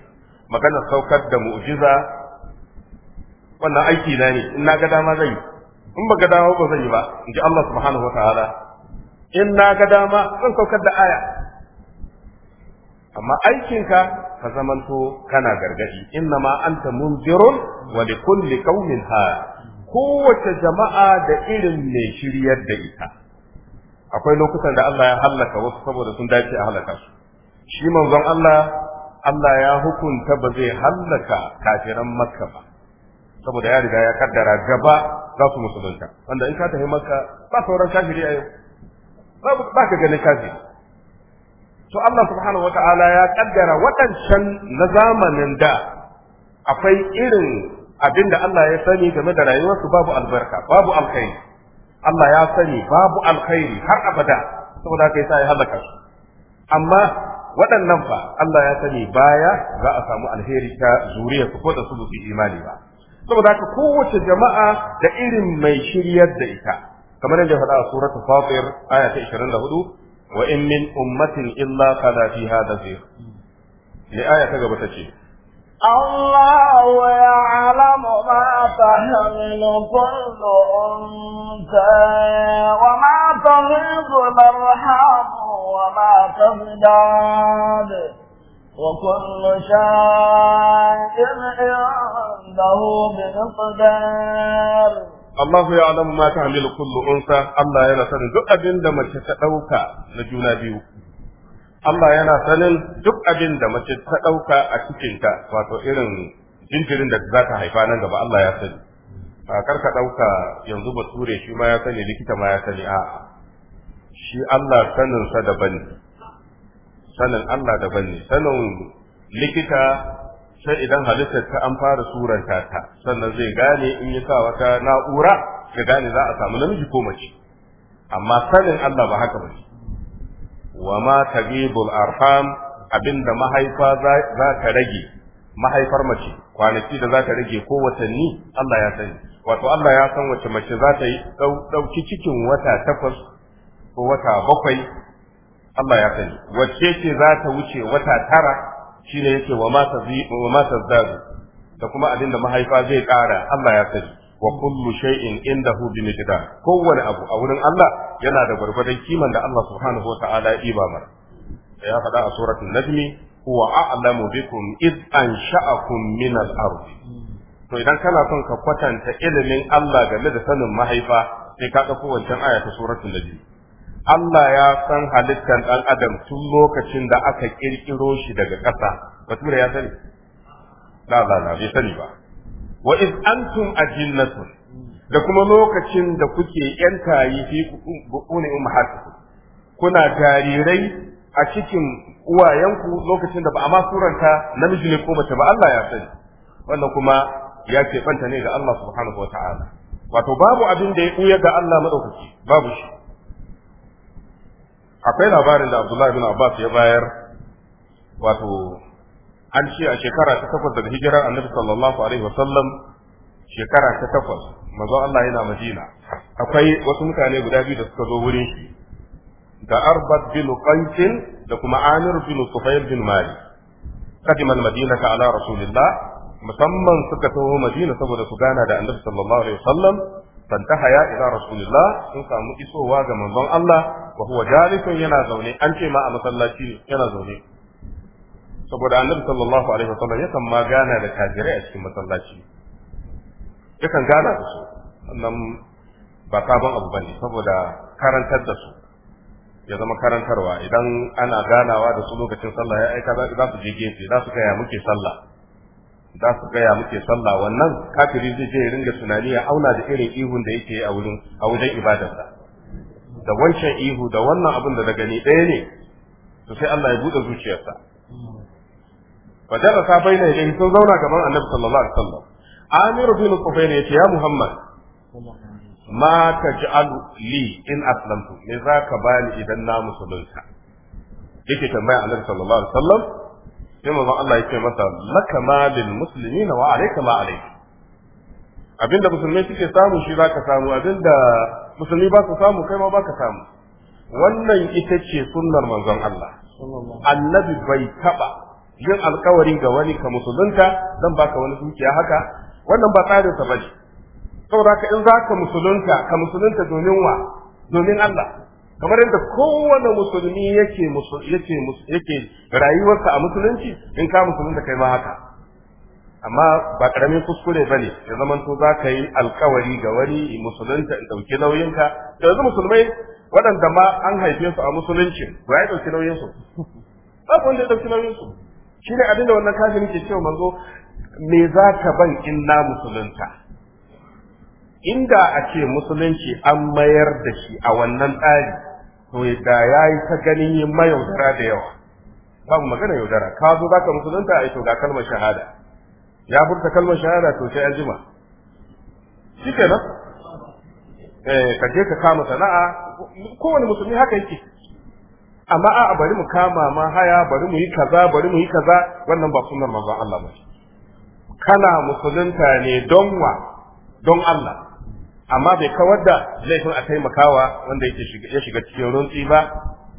Speaker 3: magana saukar da mu'jiza wannan aiki na ne in na ga dama zan yi in ba ga dama ba zan yi ba in ji Allah subhanahu wataala in na ga dama zan saukar da aya amma aikinka ka zamanto kana gargadi inna ma anta munzirun wa li kulli qaumin had kowace jama'a da irin ne shiryar da ita akwai lokutan da Allah ya halaka wasu saboda sun dace a halaka su shi manzon Allah Allah ya hukunta ba zai halaka kafiran Makka ba saboda ya riga ya kaddara gaba za su musulunta wanda in ka tafi Makka ba sauran kafiri a yau ba ka ganin kafiri to Allah subhanahu wata'ala ya kaddara waɗancan na zamanin da akwai irin abin da Allah ya sani game da rayuwarsu babu albarka babu alkhairi Allah ya sani babu alkhairi har abada saboda haka yasa ya halaka su amma waɗannan fa Allah ya sani baya za a samu alheri ta zuriya ko da su bi imani ba saboda haka kowace jama'a da irin mai shiryar da ita kamar yadda faɗa a suratul fatir aya ta 24 وإن من أمة إلا خلا فيها نذير لآية كذا تجي
Speaker 1: الله يعلم ما تحمل كل أنثى وما تغيظ الأرحام وما تزداد وكل شيء عنده بمقدار
Speaker 3: Allahu ya alamu ma ta hamilu kullu unsa Allah yana sanin duk abin da mace ta ɗauka na juna biyu Allah yana sanin duk abin da mace ta ɗauka a cikinta wato irin jinjirin da za ta haifa nan gaba Allah ya sani kar ka ɗauka yanzu bature shi ma ya sani likita ma ya sani a shi Allah saninsa daban ne sanin Allah daban ne sanin likita sai idan halittar ta an fara suranta ta sannan zai gane in ya sa wata na'ura ya gane za a samu namiji ko mace amma sanin Allah ba haka bane wa ma tagibul arham abinda mahaifa za ta rage mahaifar mace kwanaki da za ta rage ko watanni Allah ya sani wato Allah ya san wace mace za ta yi dauki cikin wata takwas ko wata bakwai Allah ya sani wacce ce za ta wuce wata tara shine yake wa ma tazi wa ma da kuma abin da mahaifa zai kara. Allah ya sani wa kullu shay'in indahu bi miqdar kowane abu a wurin Allah yana da gurbadan kiman da Allah subhanahu wa ta'ala ya iba mar ya faɗa a suratul najmi huwa a'lamu bikum id ansha'akum min al-ard to idan kana son ka kwatanta ilimin Allah game da sanin mahaifa sai ka ɗauko wancan aya ta suratul najmi Allah ya san halittar ɗan adam tun lokacin da aka ƙirƙiro shi daga ƙasa da ya sani la la la bai sani ba wa iz antum ajinnatun da kuma lokacin da kuke yan tayi fi buƙuni ummahatikum kuna jarirai a cikin uwayenku lokacin da ba a ma suranta namiji ne ko mace ba Allah ya sani wannan kuma ya ɓanta ne da Allah subhanahu wa ta'ala wato babu abin da ya ɓuya ga Allah maɗaukaki babu shi akwai labarin da Abdullahi bin Abbas ya bayar wato an ce a shekara ta takwas daga hijirar Annabi sallallahu alaihi sallam, shekara ta takwas manzo Allah yana Madina akwai wasu mutane guda biyu da suka zo wurin shi da Arbat bin Qantin da kuma Amir bin Sufayl bin Mali قدم المدينة ala رسول musamman suka taho Madina saboda su gana da Annabi sallallahu alaihi sallam. الى رسول rasulillah sun samu isowa ga manzon Allah wa huwa jalisun yana zaune an ce ma a masallaci yana zaune saboda annabi sallallahu alaihi wasallam yakan ma gana da kajire a cikin masallaci yakan gana da su wannan ba sabon abu bane saboda karantar da su ya zama karantarwa idan ana ganawa da su lokacin sallah ya aika za su je gefe za su kaya muke sallah za su gaya muke sallah wannan kafiri zai je ya ringa tunani ya auna da irin ihun da yake a wurin a wajen ibadarsa da wancan ihu da wannan abin da daga ni ɗaya ne to sai Allah ya buɗe zuciyarsa fa darasa baina yayin sun zauna gaban Annabi sallallahu alaihi wasallam Amir bin Qufayn yace ya Muhammad ma taj'al li in aslamtu me zaka bani idan na musulunta yake tambaya Annabi sallallahu alaihi wasallam sai manzon Allah ya ce masa laka ma lil muslimina wa alayka ma alai abinda musulmai suke samu shi zaka samu abinda musulmi ba su samu kai ma baka samu wannan ita ce sunnar manzon Allah annabi bai taba yin alkawari ga wani ka musulunta zan baka wani dukiya haka wannan ba tsarin sa bane saboda in zaka musulunta ka musulunta domin wa domin Allah kamar yadda kowane musulmi yake yake yake rayuwarsa a musulunci in ka musulunta kai ma haka amma ba karamin kuskure ba ne ya zaman to za ka yi alkawari ga wani musulunta in ɗauki nauyinka yanzu musulmai waɗanda ma an haife su a musulunci ba ya ɗauki nauyinsu babu wanda ya ɗauki nauyinsu shi ne abinda wannan kafin ke cewa manzo me za ka ban in na musulunta inda a ce musulunci an mayar da shi a wannan tsari to da ya yi ta ganin yin mayaudara da yawa mu magana yaudara ka zo za ka musulunta a to ga kalmar shahada ya furta kalmar shahada to sai aljima shi ke nan eh, ka je ka kama sana'a kowane musulmi haka yake amma a bari mu kama ma haya bari mu yi kaza bari mu yi kaza wannan ba sunan manzon Allah ba kana musulunta ne don wa don Allah amma bai kawar da laifin a taimakawa wanda yake ya shiga cikin runtsi ba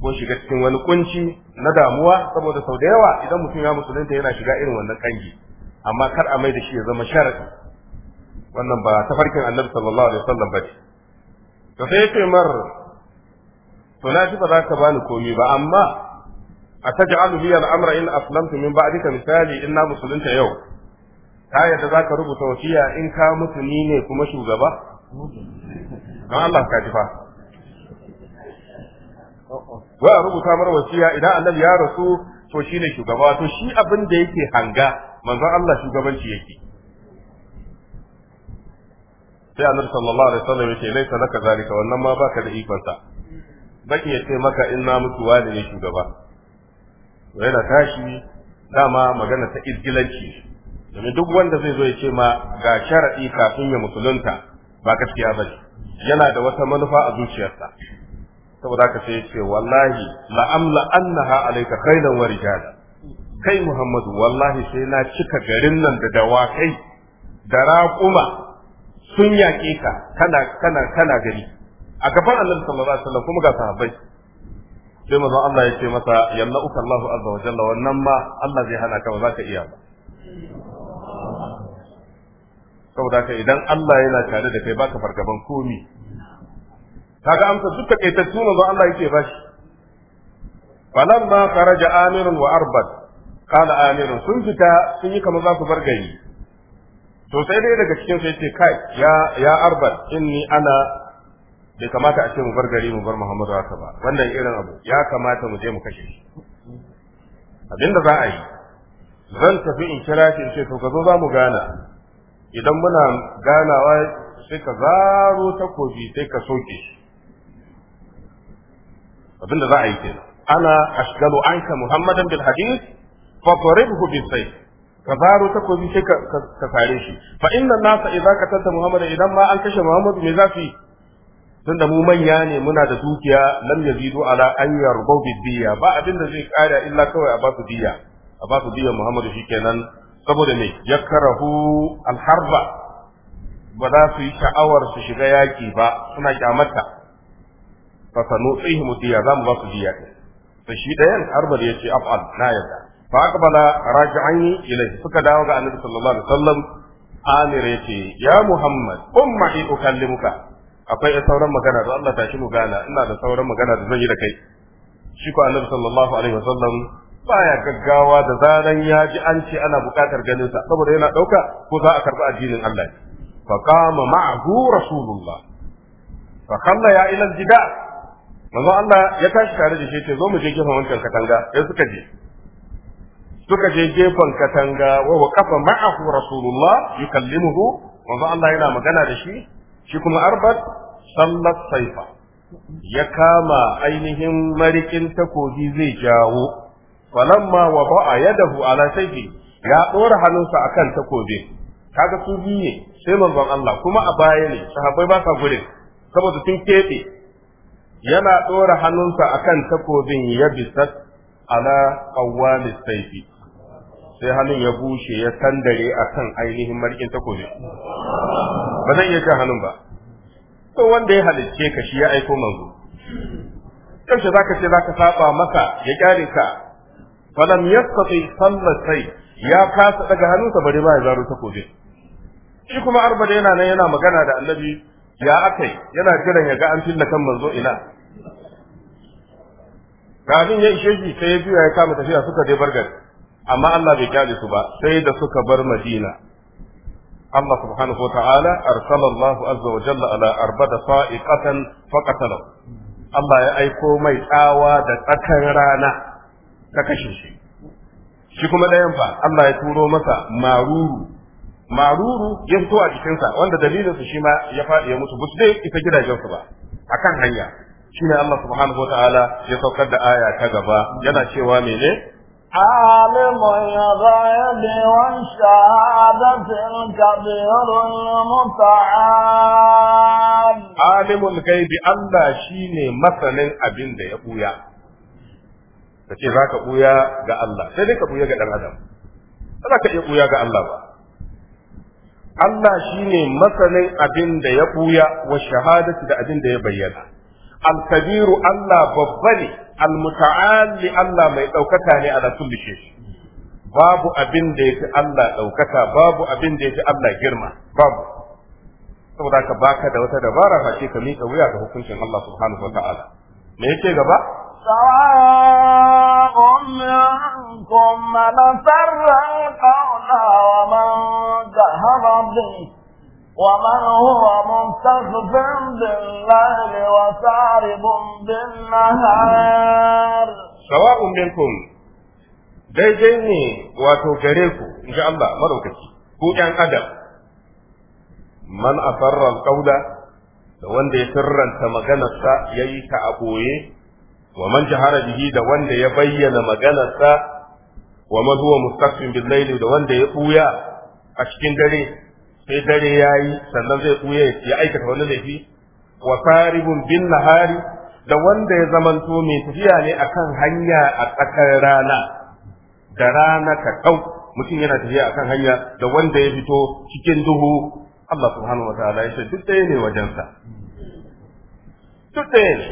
Speaker 3: ko shiga cikin wani kunci na damuwa saboda sau da yawa idan mutum ya musulunta yana shiga irin wannan kangi amma kar a mai da shi ya zama sharadi wannan ba ta farkin annabi sallallahu alaihi wasallam ba ce to sai yace mar to na ji ba za ka bani komi ba amma ta ja'alu al al'amra in aslamtu min ba'dika misali in na musulunta yau ta yadda za ka rubuta wasiya in ka mutuni ne kuma shugaba don Allah ka ji fa
Speaker 2: wa
Speaker 3: a rubuta mara wasiya idan annabi ya rasu to shine shugaba to shi abin da yake hanga manzon Allah shugabanci yake sai annabi sallallahu alaihi wasallam yake laisa laka zalika wannan ma baka da ikon sa zan ya ce maka in na mutu wani ne shugaba to yana tashi dama magana ta izgilanci domin duk wanda zai zo ya ce ma ga sharadi kafin ya musulunta ba gaskiya ba yana da wata manufa a zuciyarsa saboda haka sai ce wallahi la'amla annaha alayka khairan wa rijala kai Muhammadu wallahi sai na cika garin nan da dawakai da raƙuma sun yaƙe ka kana kana kana gari a gaban Annabi sallallahu alaihi wasallam kuma ga sahabbai sai manzon Allah ya ce masa yalla uka Allah azza wa jalla wannan ma Allah zai hana ka ba za ka iya ba saboda ka idan Allah yana tare da kai baka fargaban komi kaga amsa duka kaitattu manzo Allah yake bashi ba kharaja amirun wa arbat qala amirun sun fita sun yi kamar za su bar gari to sai dai daga cikin sai ce kai ya ya arbad inni ana bai kamata a ce mu bar gari mu bar Muhammadu haka ba wannan irin abu ya kamata mu je mu kashe abinda za a yi zan tafi in kira shi in ce to ka zo za mu gana idan muna ganawa sai ka zaro takobi sai ka soke shi abinda za a yi ke. ana ashgalu anka muhammadan bil hadith fa turibhu bi sai ka zaro takobi sai ka sare shi fa inna nasa idza qatalta muhammad idan ma an kashe muhammadu me zafi tunda mu manya ne muna da dukiya lam yazidu ala an yarbu biddiya ba abinda zai kara illa kawai a ba su diya a ba su diya muhammadu shikenan saboda me yakrahu alharba ba za su yi sha'awar su shiga yaki ba suna kyamata fa sanutsihim diya mu ba su diya to shi dayan da yace af'al na yarda fa aqbala raji'ani ilayhi suka dawo ga annabi sallallahu alaihi wasallam amir yace ya muhammad ummati ukallimuka akwai sauran magana da Allah shi mu gana ina da sauran magana da zan yi da kai shi ko annabi sallallahu alaihi wasallam baya gaggawa da zaran ya ji an ce ana buƙatar ganin sa saboda yana ɗauka ko za a karba addinin Allah fa qama ma'ahu rasulullah fa khalla ya ila al-jida manzo Allah ya tashi tare da shi ce zo mu je gefen wancan katanga sai suka je suka je gefen katanga wa waqafa ma'ahu rasulullah yukallimuhu manzo Allah yana magana da shi shi kuma arbat sallat saifa ya kama ainihin marikin takobi zai jawo falamma wa ba'a yadahu ala sayfi ya dora hannunsa akan takobi kaga su biyu ne sai manzon Allah kuma a baya ne sahabbai ba sa gurin saboda sun keɓe yana dora hannunsa akan takobin ya bisat ala qawwali sayfi sai hannun ya bushe ya tandare akan ainihin markin takobin ba zan iya kan hannun ba to wanda ya halicce ka shi ya aiko manzo yaushe zaka ce zaka saba masa ya kyare ka falam yastati kai ya kasa daga hannunsa bari ba ya zaro takobi. shi kuma arba da yana nan yana magana da annabi ya akai yana jiran ya ga an tilla kan manzo ina kafin ya ishe shi sai ya biya ya kama tafiya suka je gari. amma Allah bai kyale su ba sai da suka bar Madina Allah subhanahu wa ta'ala arsala Allah azza wa jalla ala arbada sa'iqatan Allah ya aiko mai tsawa da tsakan rana ka kashe shi shi kuma ɗayan fa Allah ya turo masa maruru maruru ya fito a jikinsa wanda dalilinsa shi ma ya faɗi ya mutu ba su dai isa gidajensu ba akan hanya shine Allah subhanahu wataala ya saukar da aya ta gaba yana cewa mene
Speaker 1: عالم الغيب والشهادة الكبير المتعال
Speaker 3: عالم الغيب الله شيني مثلا أبين ده buya. ka ce za ka ɓuya ga Allah sai dai ka ɓuya ga ɗan adam ba za ka iya ɓuya ga Allah ba Allah shi ne masanin abin da ya buya wa shahadatu da abin da ya bayyana alkabiru Allah babba ne almuta'alli Allah mai ɗaukaka ne a kulli shi babu abin da yake Allah ɗaukaka babu abin da yake Allah girma babu saboda ka baka da wata dabara face ka mika wuya ga hukuncin Allah subhanahu wa ta'ala me yake gaba
Speaker 1: سواء منكم من سر القول ومن جهر به ومن هو مستخف بالليل وسارب بالنهار
Speaker 3: سواء منكم ne wato gare ku in ji Allah madaukaki ku ɗan adam man asarra alƙaula da wanda ya sirranta maganarsa ya yi ta a ɓoye wa man jahara bihi da wanda ya bayyana maganarsa wa man huwa mustaqfin bil layli da wanda ya buya a cikin dare sai dare yayi sannan zai buya ya aikata wani laifi wa saribun bin nahari da wanda ya zamanto mai tafiya ne akan hanya a tsakar rana da rana ka kau mutum yana tafiya akan hanya da wanda ya fito cikin duhu Allah subhanahu wa ta'ala ya ce duk ɗaya ne wajensa duk ɗaya ne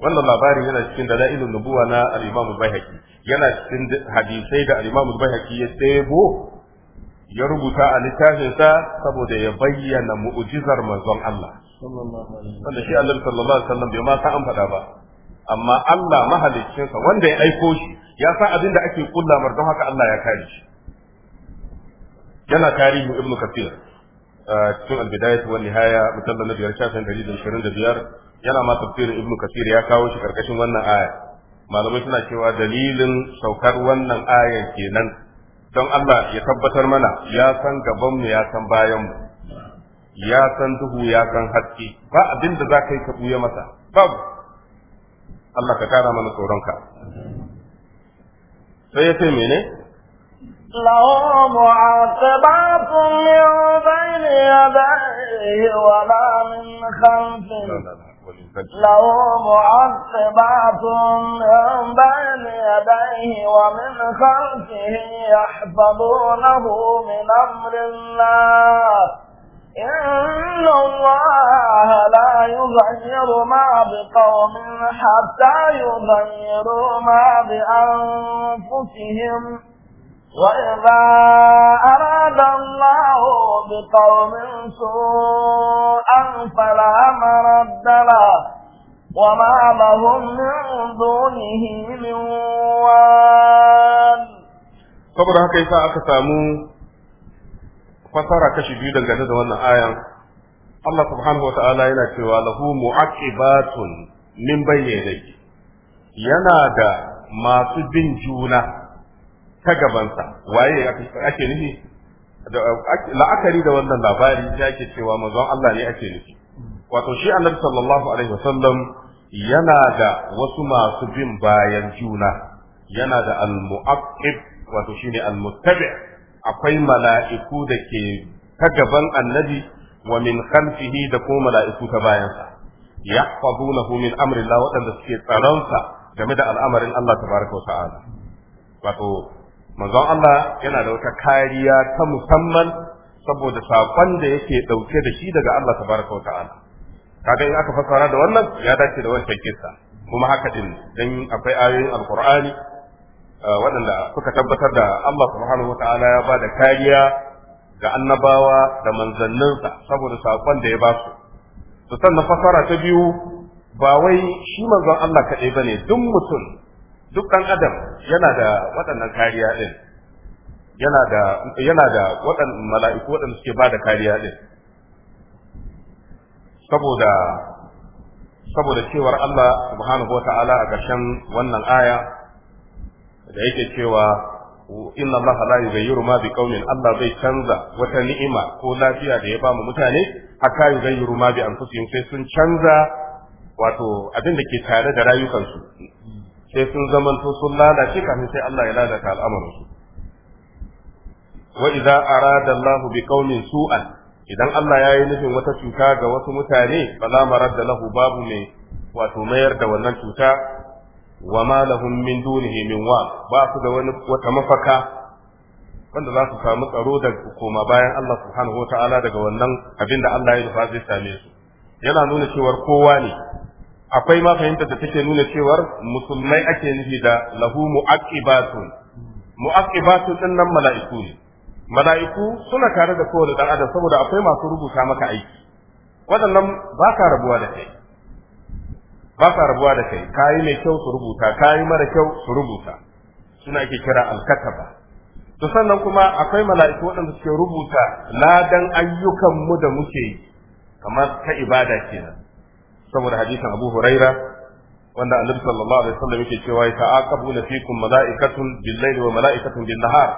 Speaker 3: wannan labarin yana cikin dalailun nubuwa na al-Imam al-Baihaqi yana cikin hadisai da al-Imam al ya tsebo ya rubuta a littafinsa saboda ya bayyana mu'ujizar manzon Allah
Speaker 2: wanda
Speaker 3: shi Allah sallallahu alaihi wasallam bai ma sa an faɗa ba amma Allah sa wanda ya aiko shi ya sa abin da ake kulla don haka Allah ya kare shi yana mu ibnu Kathir cikin al-bidayah wa nihaya mutallal na biyar shafin 125 yana ma tafsirin ibnu kasir ya kawo shi karkashin wannan aya malamai suna cewa dalilin saukar wannan ayan kenan don Allah ya tabbatar mana ya san gaban mu ya san bayan mu ya san duhu ya san haske ba abin da zaka yi ka buya masa babu Allah ka kara mana tsoronka
Speaker 2: sai ya ce mene
Speaker 1: له معاقبات من له معقبات من بين يديه ومن خلفه يحفظونه من أمر الله إن الله لا يغير ما بقوم حتى يغيروا ما بأنفسهم وإذا أراد الله بقوم سوءا فلا مرد له وما لهم من دونه من وال
Speaker 3: saboda haka yasa aka samu fasara kashi biyu dangane da wannan ayan Allah subhanahu wa ta'ala yana cewa lahu mu'aqibatun min bayyana yana da masu bin juna ta gabansa waye ake nufi la'akari da wannan labari ta ke cewa manzon Allah ne ake nufi wato shi annabi sallallahu alaihi wasallam yana da wasu masu bin bayan juna yana da al-mu'aqqib wato shine al-muttabi akwai mala'iku da ke ta gaban annabi wa min khalfihi da kuma mala'iku ta bayansa yahfazunahu min amri Allah waɗanda suke tsaronsa game da al'amarin Allah tabaraka wa ta'ala wato manzon Allah yana da wata kariya ta musamman saboda sakon da yake ɗauke da shi daga Allah tabaraka wa ta'ala kaga in aka fassara da wannan ya dace da wannan kissa kuma haka din dan akwai ayoyin alqur'ani ah, waɗanda suka tabbatar da Allah subhanahu wa ta'ala ya ba da kariya ga annabawa da manzanninsa saboda sakon da ya ba su to sannan fassara ta biyu ba wai shi manzon Allah kaɗai bane duk mutum duk ɗan adam yana da waɗannan kariya ɗin yana da yana da waɗannan mala'iku waɗanda suke ba da kariya ɗin saboda saboda cewar Allah subhanahu wa ta'ala a ƙarshen wannan aya da yake cewa inna Allah la yughayyiru ma biqaumin Allah bai canza wata ni'ima ko lafiya da ya ba mu mutane hatta yughayyiru ma bi anfusihim sai sun canza wato abin da ke tare da rayukansu sai sun zamanto sun lalace kafin sai Allah ya lalata al'amarin su wa idza arada Allahu bi qaumin su'an idan Allah ya yi nufin wata cuta ga wasu mutane fala maradda lahu babu mai wato mayar da wannan cuta wa ma lahum min dunihi min wa ba su da wani wata mafaka wanda za su samu tsaro da koma bayan Allah subhanahu wataala daga wannan abin da Allah ya nufa zai same su yana nuna cewa kowa ne akwai ma fahimta da take nuna cewar musulmai ake nufi da lahu mu'aqibatun mu'aqibatun din nan mala'iku ne mala'iku suna tare da kowane dan adam saboda akwai masu rubuta maka aiki waɗannan ba ka rabuwa da kai ba ka rabuwa da kai kayi mai kyau su rubuta kayi mara kyau su rubuta suna ake kira alkataba to sannan kuma akwai mala'iku waɗanda suke rubuta ladan ayyukan mu da muke yi kamar ta ibada kenan saboda hadisin Abu Huraira wanda Annabi sallallahu alaihi wasallam yake cewa ya ta'aqabu la fikum mala'ikatun bil-layli wa mala'ikatun bin-nahar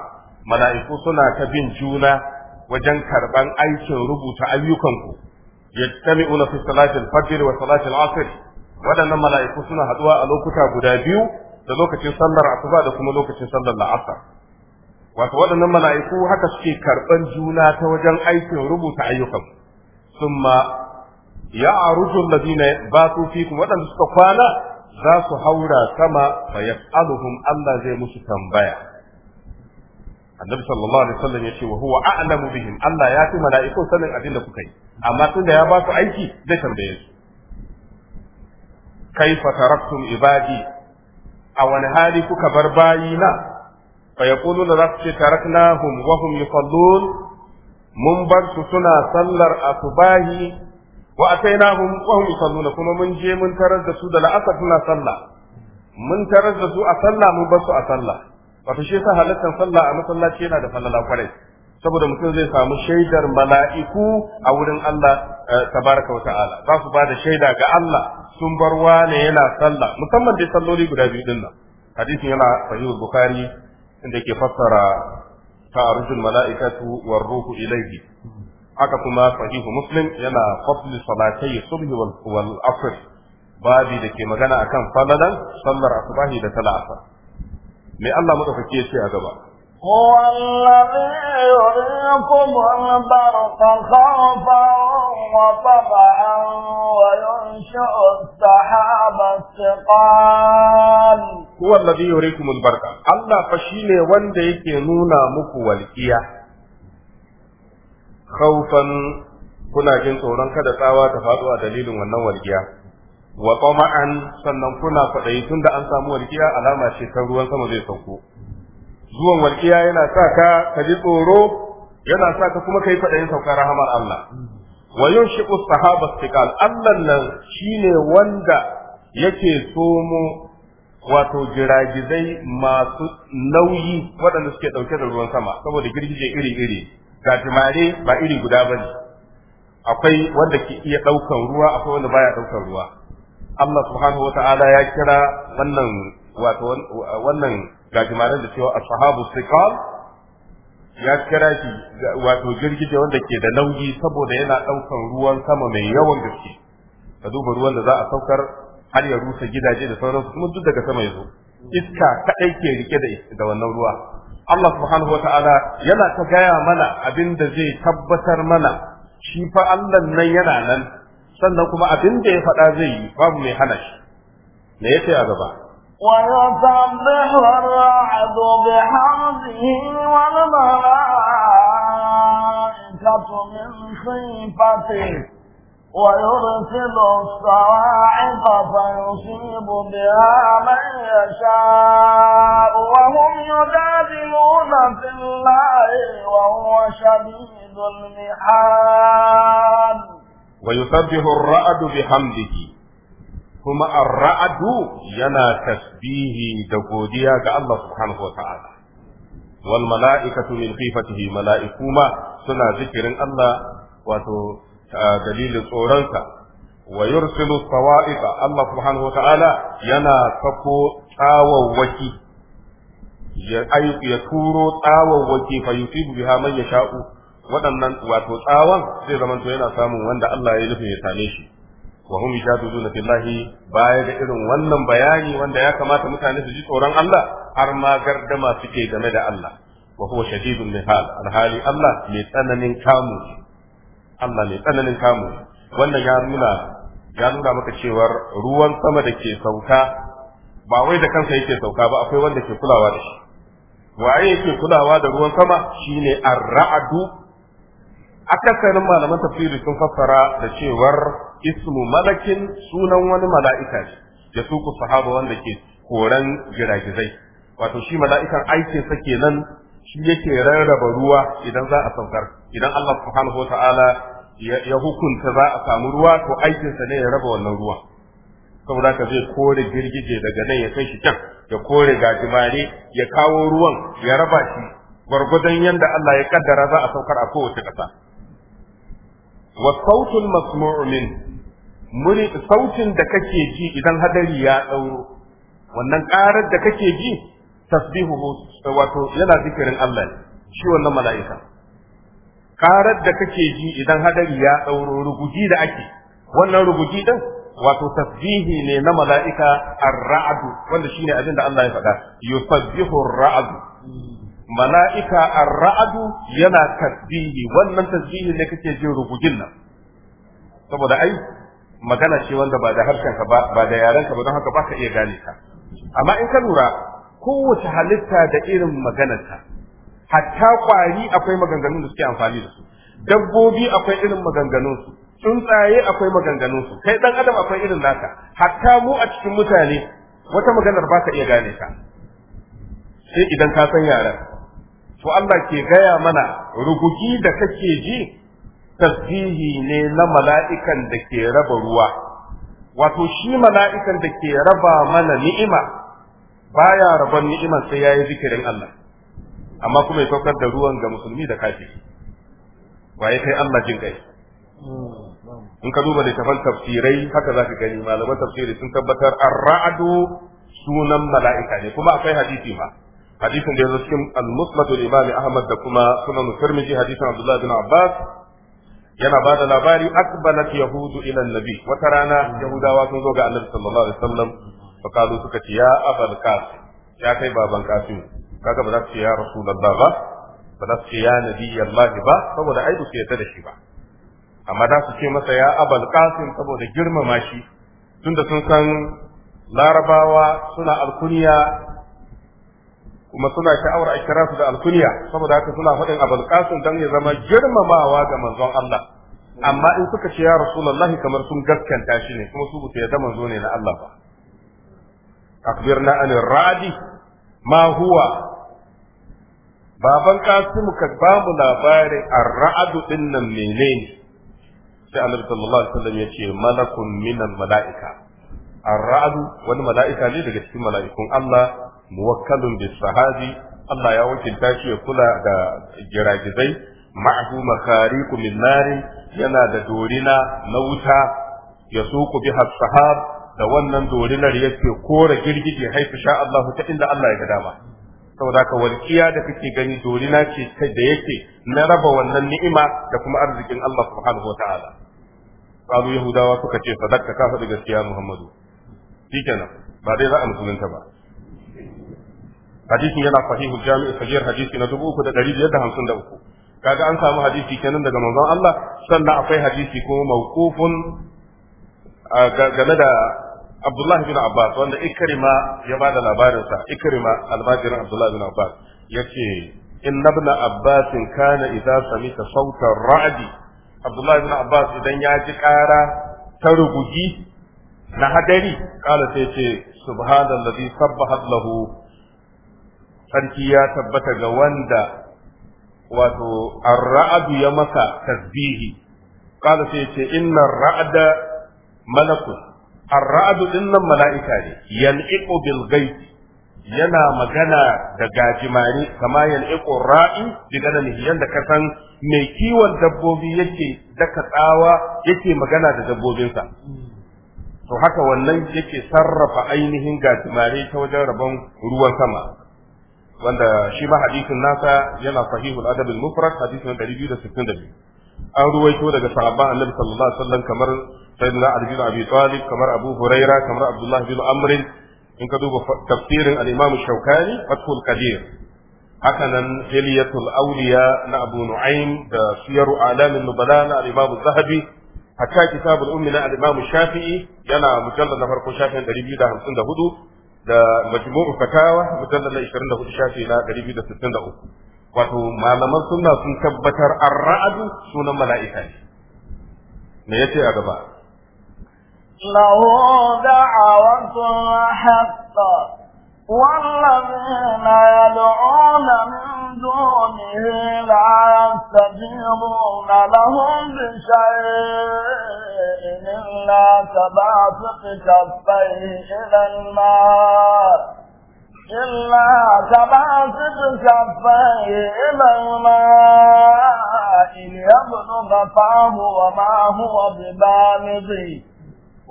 Speaker 3: mala'iku suna ta bin juna wajen karban aikin rubuta ayyukanku yajtami'una fi salati al-fajr wa salati al-'asr wadannan mala'iku suna haduwa a lokuta guda biyu da lokacin sallar asuba da kuma lokacin sallar la'asar wato waɗannan mala'iku haka suke karɓan juna ta wajen aikin rubuta ayyukan summa ya arudu su fi kuma waɗanda suka kwana za su haura sama fa yas'aluhum Allah zai musu tambaya annabi sallallahu alaihi wasallam yace wa huwa a'lamu bihim Allah ya fi mala'iku sanin abin da kuka yi amma tunda ya ba su aiki zai tambaye su kaifa taraktum ibadi a wani hali kuka bar bayina fa yaqulu za su ce taraknahum wa hum yusallun mun bar su suna sallar asubahi wa na wa hum yusalluna kuma mun je mun tarar da su da la'asar suna sallah mun tarar da su a sallah mun bar su a sallah wato shi yasa halattar sallah a masallaci yana da falala kwarai saboda mutum zai samu shaidar mala'iku a wurin Allah eh, tabaraka wata'ala za su bada shaida ga Allah sun bar wane yana sallah musamman dai salloli guda biyu din nan hadisin yana sahihul bukhari inda yake fassara ta'arujul mala'ikatu war ruhu ilayhi haka kuma sahihu muslim yana fadli salatai subhi wal asr babi da ke magana akan Falalan, sallar asubahi da talafa me Allah madaukake yace a gaba
Speaker 1: Huwa barka
Speaker 3: zai yi wa rikun mulbarka, Allah fa shi ne wanda yake nuna muku walƙiya. khawfan kuna jin tsoron kada tsawa ta faɗo a dalilin wannan walƙiya wa tama'an sannan kuna faɗai tunda an samu walƙiya alama ce ta ruwan sama zai sauko zuwan walƙiya yana sa ka ka ji tsoro yana sa ka kuma kai faɗai saukar rahamar Allah wa yunshiqu sahaba istiqal Allah nan shine wanda yake somo wato jiragizai masu nauyi waɗanda suke ɗauke da ruwan sama saboda girgije iri-iri ga ba iri guda ba ne akwai wanda ke iya ɗaukan ruwa akwai wanda baya ɗaukan ruwa Allah subhanahu wata'ala ya kira wannan wato wannan gajimaren da cewa ashabu sikal ya kira shi wato girgije wanda ke da nauyi saboda yana ɗaukan ruwan sama mai yawan gaske ka duba ruwan da za a saukar har ya rusa gidaje da sauransu kuma duk daga sama ya zo iska kaɗai ke rike da wannan ruwa Allah subhanahu wa ta'ala yana ta gaya mana abin da zai tabbatar mana shi fa Allah nan yana nan sannan kuma abin da ya faɗa zai yi babu mai hana shi me yace a gaba
Speaker 1: ويسبح الرعد بحمده والملائكة من خيفته ويرسل الصواعق فيصيب بها من يشاء وهم يجادلون في الله وهو شديد المحال
Speaker 2: ويسبح الرعد
Speaker 3: بحمده كما الرعد ينا تسبيه دقوديا الله سبحانه وتعالى والملائكة من خيفته ملائكوما سنة ذكر الله وتو dalilin tsoronsa wa yursilu sawa'iqa Allah subhanahu wata'ala yana sako tsawawwaki ya ya turo tsawawwaki fa yusibu biha man yasha'u waɗannan wato tsawon zai zamanto yana samun wanda Allah ya nufi ya same shi wa hum yajaduna fillahi baya da irin wannan bayani wanda ya kamata mutane su ji tsoron Allah har ma gardama suke game da Allah wa huwa shadidul mihal alhali Allah mai tsananin kamu Allah mai tsananin kamu wannan ya nuna ya nuna maka cewar ruwan sama da ke sauka ba wai da kansa yake sauka ba akwai wanda ke kulawa da shi waye yake kulawa da ruwan sama shine ar-ra'du akasarin malaman tafsiri sun fassara da cewar ismu malakin sunan wani mala'ika ne ya suku sahaba wanda ke koran giragizai wato shi mala'ikan aikinsa kenan shi yake rarraba ruwa idan za a saukar idan Allah subhanahu wa ta'ala ya hukunta za a samu ruwa to aikinsa ne ya raba wannan ruwa saboda ka zai kore girgije daga nan ya kai shi can ya kore gajimare ya kawo ruwan ya raba shi gwargwadon yadda Allah ya kaddara za a saukar a kowace ƙasa wa sautul masmu'u min muri sautin da kake ji idan hadari ya dauro wannan ƙarar da kake ji tasbihuhu wato yana zikirin Allah shi wannan mala'ika karar da kake ji idan hadari ya dauro ruguji da ake wannan ruguji din wato tasbihi ne na mala'ika ar-ra'd wanda shine abin da Allah ya faɗa yusabbihu ar-ra'd mala'ika ar-ra'd yana tasbihi wannan tasbihi ne kake ji rugujin nan saboda ai magana ce wanda ba da ka ba ba da yarenka ba don haka ba ka iya gane ka. amma in ka lura kowace halitta da irin maganarta hatta kwari akwai maganganun da suke amfani da su dabbobi akwai irin maganganun su tsuntsaye akwai maganganun su kai dan adam akwai irin naka hatta mu a cikin mutane wata maganar ba ka iya gane ta sai idan ka san yaran to Allah ke gaya mana rugugi da kake ji tasbihi ne na mala'ikan da ke raba ruwa wato shi mala'ikan da ke raba mana ni'ima baya rabon ni'imar sai yayi zikirin Allah amma kuma ya saukar da ruwan ga musulmi da wa waye kai Allah jin kai in ka duba littafan tafsirai haka zaka gani malaman tafsiri sun tabbatar ar-ra'du sunan mala'ika ne kuma akwai hadisi ma hadisin da yazo cikin al-musnad al-imam Ahmad da kuma sunan Tirmidhi hadisin Abdullah bin Abbas yana ba da labari akbalat yahudu ila nabi wata rana yahudawa sun zo ga annabi sallallahu alaihi wasallam fakalu suka ce ya abal ya kai baban qasim kaga ba za su ce ya rasulullah ba ba za su ce ya nabiyallahi ba saboda ai ba su yarda da shi ba amma za su ce masa ya abal qasim saboda girmama shi tunda sun san larabawa suna alkuniya kuma suna sha'awar a kira su da alkuniya saboda haka suna faɗin abul qasim dan ya zama girmamawa ga manzon Allah amma in suka ce ya rasulullahi kamar sun gaskanta shi ne kuma su ba yarda manzo ne na Allah ba akbirna an radi ma huwa baban kasimu ka bamu labari. labarin ar-ra'd din nan menene sai annabi sallallahu alaihi wasallam yace malakun minal malaika ar wani malaika ne daga cikin malaikun Allah muwakkalun bis sahabi Allah ya wakilta shi ya kula da giragizai ma'ahu makhariqu min narin yana da dorina na wuta ya suku biha sahab da wannan dorinar ya yake kora girgije haifu sha Allah ta inda Allah ya ga dama saboda ka walƙiya da kake gani dorina ce ta da yake na raba wannan ni'ima da kuma arzikin Allah subhanahu wa ta'ala qalu yahudawa suka ce sadaka ka faɗi gaskiya Muhammadu shikenan ba dai za a musulunta ba hadisin yana sahihu jami'u sahih hadisi na dubu uku da da da ɗari hamsin uku, kaga an samu hadisi kenan daga manzon Allah sannan akwai hadisi kuma mawqufun game da Abdullahi bin Abbas wanda Ikrima ya ba da labarinsa Ikrima almajirin Abdullahi bin Abbas ya yace inna ibn Abbas kana idza ta sautar ra'di Abdullahi bin Abbas idan ya ji kara ta rugugi na hadari kala sai ce subhanallazi sabbahat lahu sarki ya tabbata ga wanda wato ar-ra'du ya masa tasbihi kala sai ce inna ar-ra'da malakun الرعد ان الملائكه mala'ika ne yana magana da gajimare, kama yan'iqu ra'i daga da yanda da kasan mai kiwon dabbobi yake daka tsawa yake magana da dabbobinsa to haka wannan yake sarrafa ainihin gajimare ta wajen rabon ruwan sama wanda shi ma hadisin nasa yana sahihul adab al-mufrad hadisin 262 an ruwaito daga sahabban annabi sallallahu alaihi wasallam kamar sayyidina Ali bin Abi kamar Abu Huraira kamar Abdullah bin Amr in ka duba tafsirin al-Imam Shawkani Fathul Qadir haka nan Hilyatul Awliya na Abu Nu'aym da Siyaru Alamin Nubala na al Zahabi hatta kitabul ummi na Shafi'i yana mujallad na farko shafin da majmu'u fatawa mujallad na 24 shafi na 263 wato malaman sunna sun tabbatar ar-ra'd sunan mala'ika ne me yace a gaba
Speaker 1: له دعوة حقا والذين يدعون من دونه لا يستجيبون لهم بشيء إلا كباسط كفيه إلى الماء إلا كباسط كفيه إلى الماء ليبلغ فاه وما هو ببالغه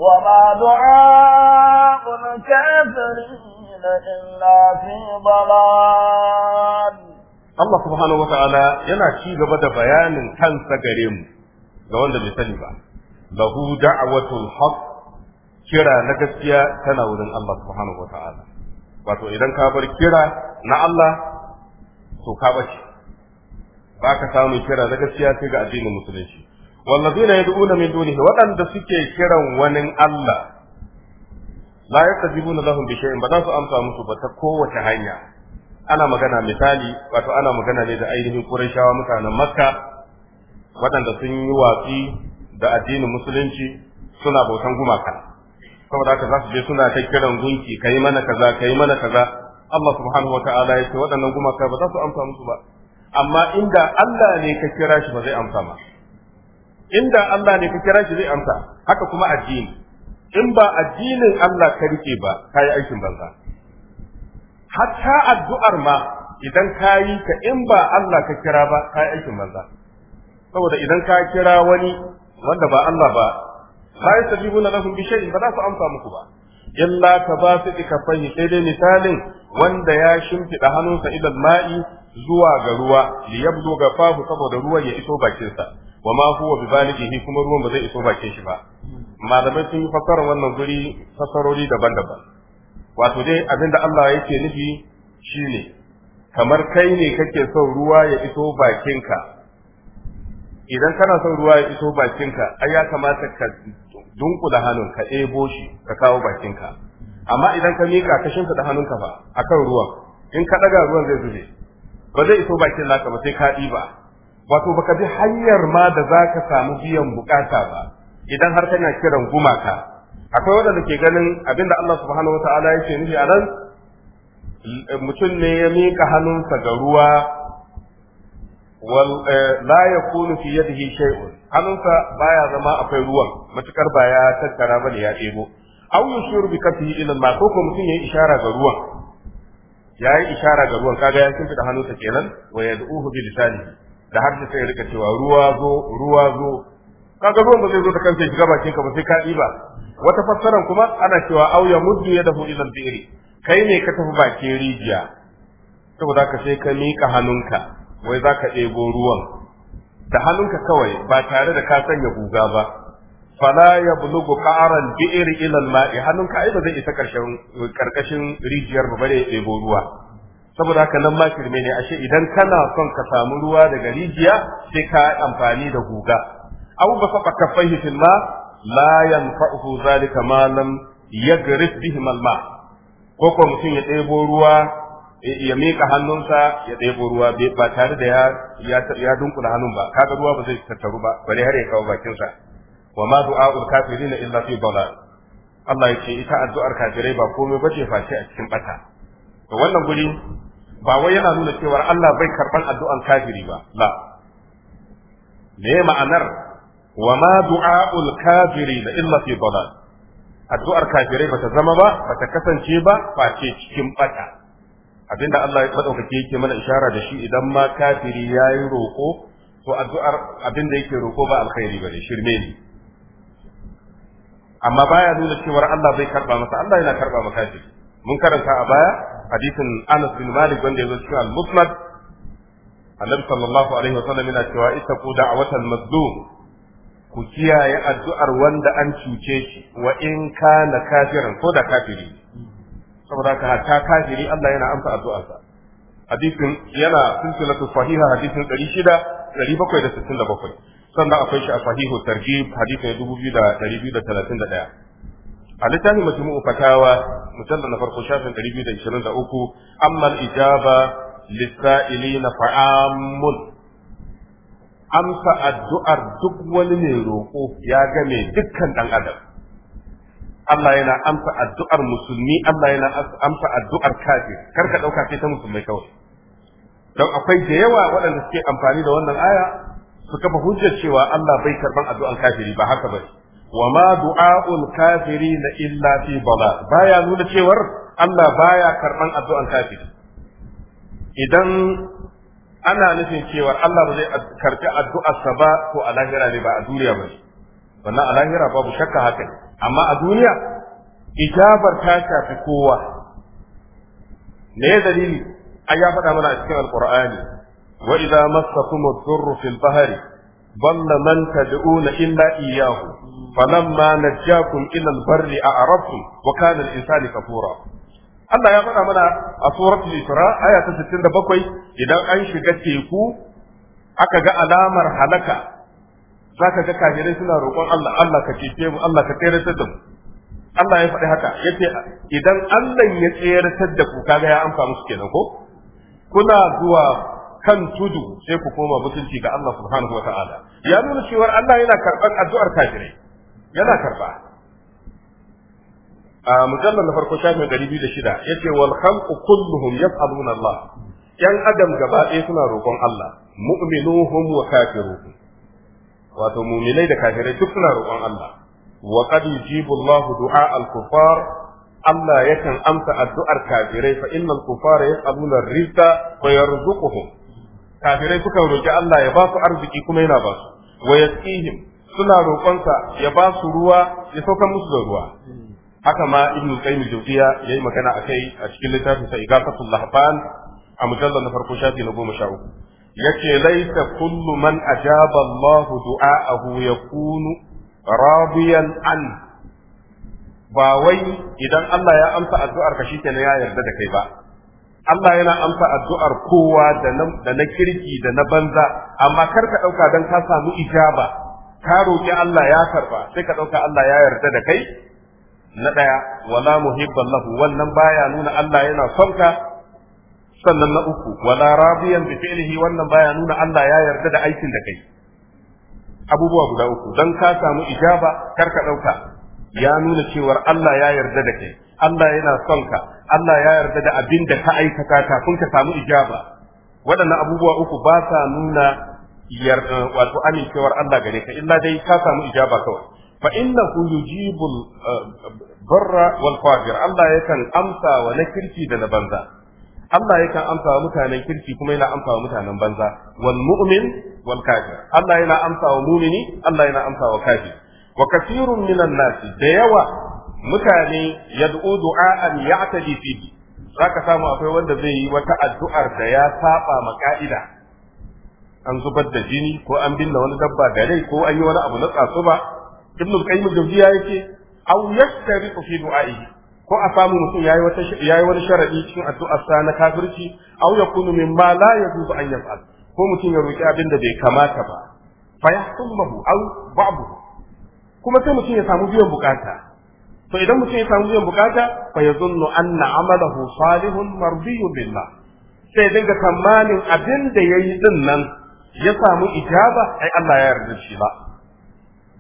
Speaker 1: وما دعاء الكافرين إلا في ضلال
Speaker 3: Allah subhanahu wa yana ci gaba da bayanin kansa gare mu ga wanda bai sani ba, lahu da'awatul haq kira na gaskiya tana Allah Wato idan ka bar kira na Allah to ka bace, ba ka samun kira na gaskiya sai ga addinin musulunci. والذين يدعون من دونه waɗanda suke kiran wani Allah la yastajibuna lahum bi shay'in ba za su amsa musu ba ta kowace hanya ana magana misali wato ana magana ne da ainihin Qurayshawa mutanen Makka waɗanda sun yi watsi da addinin musulunci suna bautan gumaka saboda haka za su je suna ta kiran gunki kai mana kaza kai mana kaza Allah subhanahu wataala ya ce waɗannan gumaka ba za su amsa musu ba amma inda Allah ne ka kira shi ba zai amsa ma. inda Allah ne ka kira shi zai amsa haka kuma addini in ba addinin Allah ka rike ba kai aikin banza hatta addu'ar ma idan ka yi ka in ba Allah ka kira ba kai aikin banza saboda idan ka kira wani wanda ba Allah ba la yastajibuna lahum bi shay'in ba za su amsa muku ba illa ka ba su fahi sai dai misalin wanda ya da hannunsa idan ma'i zuwa ga ruwa liyabdu ga fahu saboda ruwan ya iso bakinsa wa ma huwa bi balighihi kuma ruwan ba zai iso bakin shi ba malamai sun yi fassara wannan guri fassarori daban-daban wato dai abinda Allah yake nufi shine kamar kai ne kake son ruwa ya iso bakinka idan kana son ruwa ya iso bakinka ai ya kamata ka dunkula hannun ka ebo shi ka kawo bakinka amma idan ka mika ka da hannunka ba akan ruwan in ka ɗaga ruwan zai zube ba zai iso bakin naka ba sai ka ɗiba wato baka bi hanyar ma da za ka samu biyan bukata ba idan har kana kiran gumaka akwai waɗanda ke ganin abinda Allah subhanahu wata'ala ya ce a nan mutum ne ya miƙa hannunsa ga ruwa eh, la yakunu fi yadihi shay'un hannunsa baya zama akwai ruwan matukar ba ya tattara bane ya ɗebo aw yushiru bi kafihi ila ma ko mutum yayi ishara ga ruwan yayi ishara ga ruwan kaga ya kinta da hannunsa kenan wa yad'uhu bi lisanihi da har shi sai rika cewa ruwa zo ruwa zo kaga ruwan ba zai zo ta kansa shiga bakin ka ba sai ka ɗiba wata fassaran kuma ana cewa au ya muddu ya dafu ilal bi'ri kai ne ka tafi bakin rijiya saboda ka sai ka miƙa hannunka wai za ka ɗebo ruwan da hannunka kawai ba tare da ka sanya guga ba fala ya bulugu ƙaran bi'ri ilal ma'i hannunka ai ba zai isa karkashin ƙarƙashin rijiyar ba bare ya ɗebo ruwa saboda haka nan ma ne ashe idan kana son ka samu ruwa daga rijiya sai ka amfani da guga aw ba ka kaffaihi fil ma la yanfa'u zalika ma lam yagrif bihi al ma ko ko mutum ya ɗebo ruwa ya mika hannunsa ya ɗebo ruwa ba tare da ya ya dunkula hannun ba kaga ruwa ba zai tattaru ba bare har ya kawo bakinsa wa ma du'a'u kafirin illa fi dalal Allah ya ita addu'ar kafirai ba komai bace face a cikin bata to wannan guri ba wai yana nuna cewa Allah bai karban addu'an kafiri ba la me ma'anar wa ma du'a'ul kafiri da illa fi dalal addu'ar kafirai bata zama ba bata kasance ba face cikin bata abinda Allah ya madaukake yake mana ishara da shi idan ma kafiri yayi roko to addu'ar abinda yake roko ba alkhairi bane shirme ne amma baya nuna cewa Allah bai karba masa Allah yana karba maka kafiri mun karanta a baya hadisin Anas bin Malik wanda yazo cikin al-Musnad Annabi sallallahu alaihi wasallam yana cewa ittaqu da'watal mazlum ku kiyaye addu'ar wanda an cuce shi wa in kana kafiran ko da kafiri saboda ka ta kafiri Allah yana amsa addu'arsa hadisin yana silsilatu sahiha hadisin 600 767 sannan akwai shi a sahihu tarjib hadisin 2231 a littafin majmu'u fatawa mujallal na farko shafin da amma Amman ijaba Lissa'ili na fa'amun amsa addu'ar duk wani mai roƙo ya game dukkan ɗan adam Allah yana amsa addu'ar musulmi Allah yana amsa addu'ar kafir kar ka ɗauka sai ta musulmai kawai don akwai da yawa waɗanda suke amfani da wannan aya su kafa hujjar cewa Allah bai karɓar addu'ar kafiri ba haka ne. wa ma du'a'ul kafirina illa fi dalal baya nuna cewar Allah baya karban addu'an kafiri idan ana nufin cewar Allah ba zai karbi addu'arsa ba ko a lahira ne ba a duniya ba wannan a lahira babu shakka haka amma a duniya ijabar ta shafi kowa me dalili an ya faɗa mana a cikin alqur'ani wa idza massakum ad-durru fil bahri ضل من تدعون illa إياه falamma najjakum ila albarri a'raftum wa kana al-insanu kafura Allah ya faɗa mana a suratul Isra aya ta 67 idan an shiga teku aka ga alamar halaka zaka ga kafirai suna roƙon Allah Allah ka cece mu Allah ka tsere da mu Allah ya faɗi haka yace idan Allah ya tsayar da ku kaga ya amfa musu kenan ko kuna zuwa kan tudu sai ku koma mutunci ga Allah subhanahu wataala ya nuna cewa Allah yana karɓar addu'ar kafirai yana karba a mujallar na farko shafin ɗari biyu da shida ya ce wal khalqu kulluhum yas'aluna Allah yan adam gaba ɗaya suna roƙon Allah mu'minuhum wa kafiruhum wato mu'minai da kafirai duk suna roƙon Allah wa qad yujibu Allah du'a al kufar Allah yakan amsa addu'ar kafirai fa innal kufara yas'aluna ar-rizqa wa yarzuquhum kafirai suka roki Allah ya ba su arziki kuma yana ba su wa yasqihim suna roƙonsa ya ba su ruwa ya saukar musu da ruwa haka ma ibnu qayyim jawziya yayi magana akai a cikin littafin sa igafatul lahban a mujallal na farko shafi na goma sha uku yace laisa kullu man ajaba Allah du'aahu yakunu radiyan an ba wai idan Allah ya amsa addu'ar ka shikenan ya yarda da kai ba Allah yana amsa addu'ar kowa da na kirki da na banza amma kar ka ɗauka dan ka samu ijaba ka roƙi Allah ya karba sai ka ɗauka Allah ya yarda da kai na ɗaya wala muhibban lahu wannan baya nuna Allah yana son ka sannan na uku wala radiyan bi fi'lihi wannan baya nuna Allah ya yarda da aikin da kai abubuwa guda uku dan ka samu ijaba kar ka ɗauka ya nuna cewar Allah ya yarda da kai Allah yana son ka Allah ya yarda da abin da ka aikata kafin ka samu ijaba waɗannan abubuwa uku ba sa nuna Yar eh, wato amincewar Allah gare ka illa dai ka samu ijaba kawai fa innahu yujibul eh, barra wal fajir Allah yakan amsa wa na kirki da na banza Allah yakan amsa wa mutanen kirki kuma yana amsa wa mutanen banza wal mu'min wal kafir Allah yana amsa wa mu'mini Allah yana amsa wa kafir wa kathirun minan nasi da yawa mutane yad'u du'a'an ya'tadi fihi zaka samu akwai wanda zai yi wata addu'ar da ya saba ma ka'ida an zubar da jini ko an binne wani dabba da rai ko an yi wani abu na tsatsuba ibnu qayyim jawziya yace aw yashtari fi du'a'ihi ko a samu mutum yayi wata yayi wani sharadi cikin addu'ar sa na kafirci aw yakunu mimma la yajuzu an yaf'al ko mutum ya roki abin da bai kamata ba fa yahtumahu aw ba'du kuma sai mutum ya samu biyan bukata to idan mutum ya samu biyan bukata fa yazunnu anna amalahu salihun mardiyyun billah sai dinga tsammanin abin da yayi din nan ya samu ijaba ai Allah ya yarda shi ba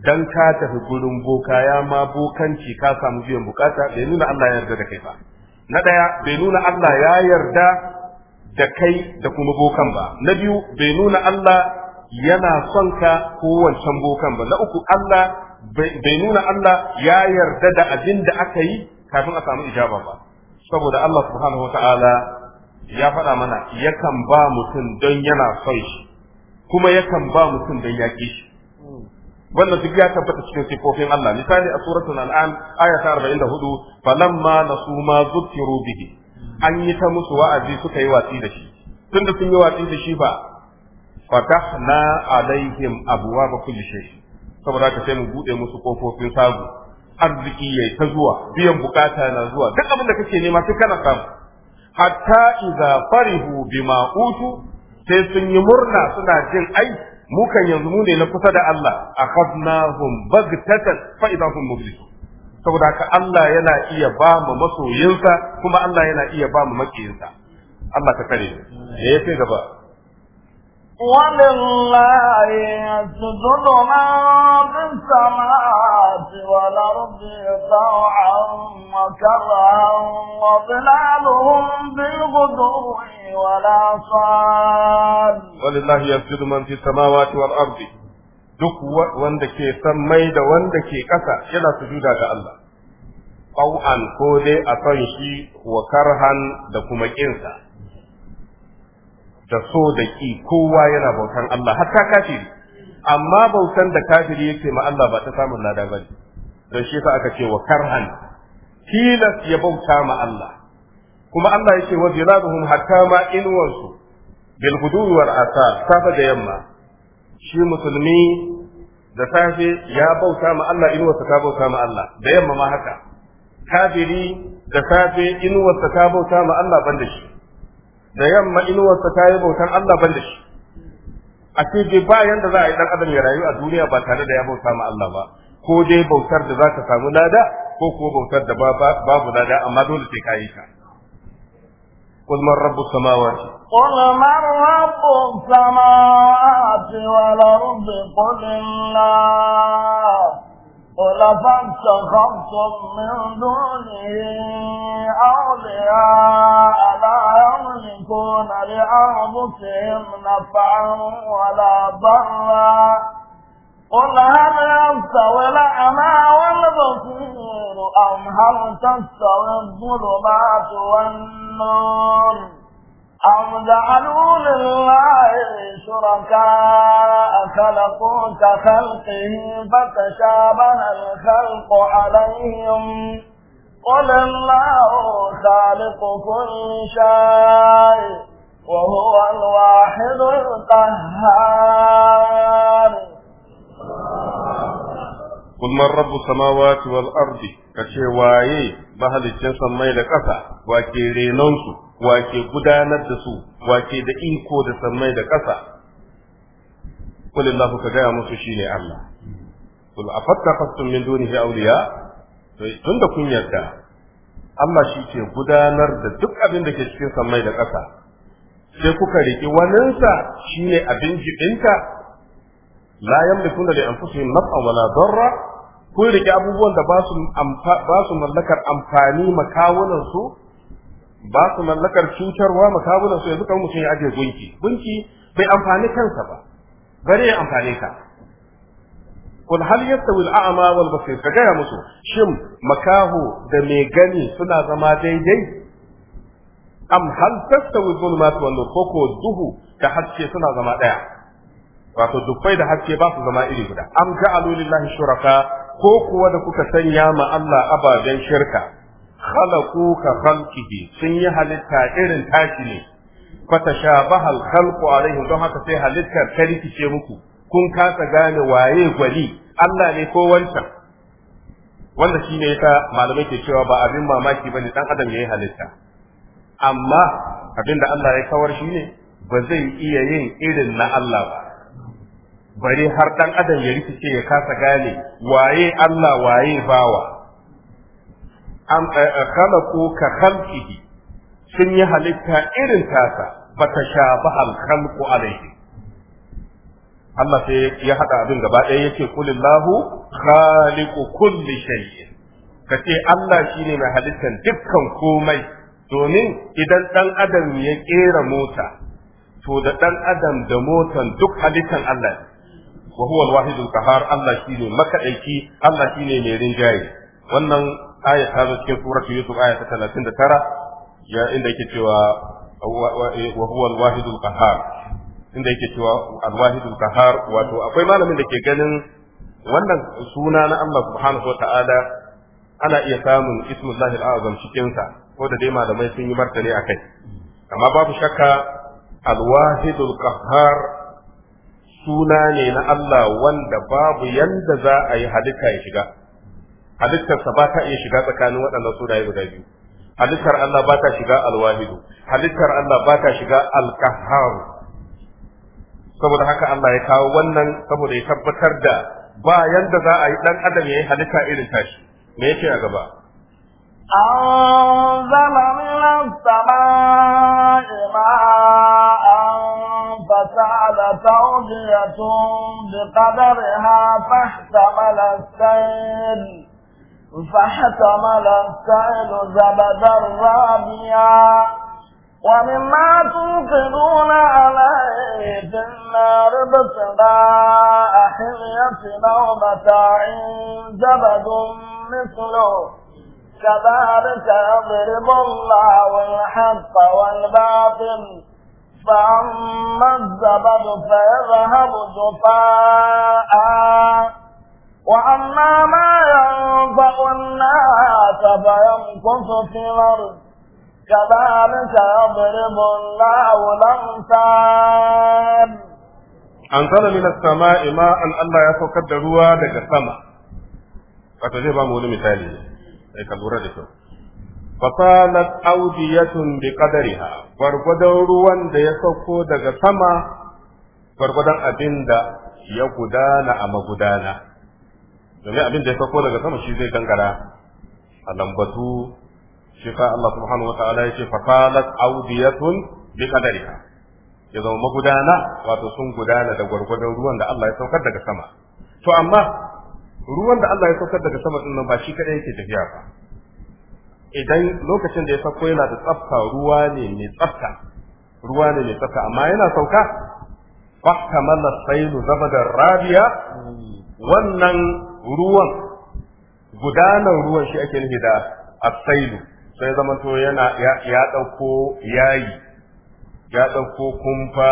Speaker 3: dan ka tafi gurin boka ya ma bokanci ka samu biyan bukata bai nuna Allah ya yarda da kai ba na daya bai nuna Allah ya yarda da kai da kuma bokan ba na biyu bai nuna Allah yana son ka ko wancan bokan ba na uku Allah bai nuna Allah ya yarda da abin da aka yi kafin a samu ijaba ba saboda Allah subhanahu wataala ya faɗa mana yakan ba mutum don yana son shi kuma yakan ba mutum dan yaƙe shi wannan duk ya tabbata cikin sifofin Allah misali a suratul al'an aya ta 44 falamma nasu ma zukiru bihi an yi ta musu wa'azi suka yi watsi da shi tunda sun yi watsi da shi ba fatahna alaihim ba kulli shay saboda ka sai mu bude musu kofofin sabu arziki yayi ta zuwa biyan bukata na zuwa duk abin da kake nema sai kana samu hatta idza farihu bima utu sai sun yi murna suna jin ai mukan yanzu mu ne na kusa da Allah a akhadnahum baghtatan fa idahum mublisun saboda haka Allah yana iya ba mu masoyinsa kuma Allah yana iya ba mu makiyinsa
Speaker 2: Allah ta kare ne ya sai gaba
Speaker 1: ولله يسجد ما في السماوات والأرض طوعا وكرها وظلالهم بالغدو صال
Speaker 3: ولله يسجد من في السماوات والأرض duk wanda ke sammai da wanda ke ƙasa yana sujuda ga Allah Ƙau'an ko dai a son shi wa karhan da kuma ƙinsa da so da ki kowa yana bautan Allah hatta kafiri amma bautan da kafiri yake ma Allah ba ta samun lada bane don shi yasa aka ce wa karhan tilas ya bauta ma Allah kuma Allah yake wa biladuhum hatta ma inwansu bil guduwi wal asar safa da yamma shi musulmi da safe ya bauta ma Allah inuwarsa ta bauta ma Allah da yamma ma haka kafiri da safe inuwarsa ta bauta ma Allah ban da shi da yamma inuwarsa ta yi bautan Allah ban da shi a ce dai ba yanda za a yi dan adam ya rayu a duniya ba tare da ya bauta ma Allah ba ko dai bautar da za ka samu lada ko ko bautar da babu lada amma dole sai ka yi ta قل من رب السماوات
Speaker 1: قل من رب السماوات والأرض قل الله خلفا اتخذتم من دونه أولياء لا يملكون لأنفسهم نفعا ولا ضرا قل هل يستوي الأعمى والبصير أم هل تستوي الظلمات والنور أم جعلوا لله شركاء خلقوا كخلقه فتشابه الخلق عليهم قل الله خالق كل شيء وهو الواحد القهار
Speaker 2: قل من رب السماوات والأرض
Speaker 3: كشي بهل الجنس الميل كفا وكيرينونسو wace gudanar da su wace da iko da sammai da ƙasa kulillahu ka gaya musu shine Allah kul afattaqtum min dunihi awliya to tunda kun yarda Allah shi ke gudanar da duk abin da ke cikin sammai da ƙasa sai kuka riki waninsa shine abin jibinta la yamliku li anfusihim naf'a wala darra kun riki abubuwan da ba su mallakar amfani makawunan su ba su mallakar cutarwa makabulan su yanzu kan mutum ya ajiye gunki gunki bai amfani kansa ba bare ya amfane ka kul hal yastawi al-a'ma wal basir ka gaya musu shin makaho da mai gani suna zama daidai am hal tastawi zulmat wal nur ko duhu da haske suna zama daya wato dufai da haske ba su zama iri guda am ja'alu lillahi shuraka ko kuwa da kuka sanya ma Allah ababen shirka khalaqu ka khalqihi sun yi halitta irin tashi ne fatashabaha al-khalqu alaihim don haka sai halittar ta rikice muku kun kasa gane waye gwali Allah ne ko wancan wanda shine yasa malamai ke cewa ba abin mamaki bane dan adam yayi halitta amma abinda Allah ya kawar shine ba zai iya yin irin na Allah ba bare har dan adam ya rikice ya kasa gane waye Allah waye bawa am eh, eh, khalaqu ka khalqihi sun yi halitta irin tasa ba bata sha ba khalqu alayhi Allah sai ya hada abin gaba ɗaya yace kulillahu khaliqu kulli shay'in kace Allah shine mai halittan dukkan komai domin idan ɗan adam ya ƙera mota to da ɗan adam da motan duk halittan Allah wa huwa al-wahidul qahar Allah shine makaɗaiki Allah shine mai rinjaye wannan aya ta zo cikin surat yusuf aya ta talatin tara ya inda yake cewa wa eh, huwa alwahidul inda yake cewa alwahidul wato akwai malamin da ke ganin wannan suna na Allah subhanahu wa ta'ala ana iya samun ismullahi al-azam cikin sa ko da dai malamai sun yi martani akai amma babu shakka alwahidul suna ne na Allah wanda babu yanda za a yi halitta ya shiga halittarsa ba ta iya shiga tsakanin waɗannan sunaye guda biyu halittar Allah ba ta shiga alwahidu halittar Allah ba ta shiga alkaharu. saboda haka Allah ya kawo wannan saboda ya tabbatar da ba yanda za a yi dan adam ya yi halitta irin tashi me yake
Speaker 2: a gaba
Speaker 1: أنزل من السماء ماء بقدرها فاحتمل السيل فاحتمل السائل زبدا رابيا ومما تنقلون عليه في النار ابتداء حلية أو متاع زبد مثله كذلك يضرب الله الحق والباطل فأما الزبد فيذهب جفاء وأما ما ينفع الناس فيمكث في الأرض كذلك يضرب الله الأمثال
Speaker 2: anzala min as-sama'i
Speaker 3: ma'an Allah ya saukar da ruwa daga sama wato zai ba mu wani misali sai ka lura da shi kyau fasalat awdiyatun bi qadariha gwargwadon ruwan da ya sauko daga sama gwargwadon abin da ya gudana a magudana domin abin da ya sauko daga sama shi zai gangara a lambatu shi ka Allah subhanahu wa ta'ala ya ce fa qalat awdiyatun bi qadariha ya zama magudana wato sun gudana da gwargwadon ruwan da Allah ya saukar daga sama to amma ruwan da Allah ya saukar daga sama din nan ba shi kadai yake tafiya ba idan lokacin da ya sauko yana da tsafta ruwa ne mai tsafta ruwa ne mai tsafta amma yana sauka kamala sayyidu zabadar rabiya wannan ruwan gudanar ruwan shi ake nufi da asailu sai zamanto yana ya ɗauko yayi ya ɗauko kumfa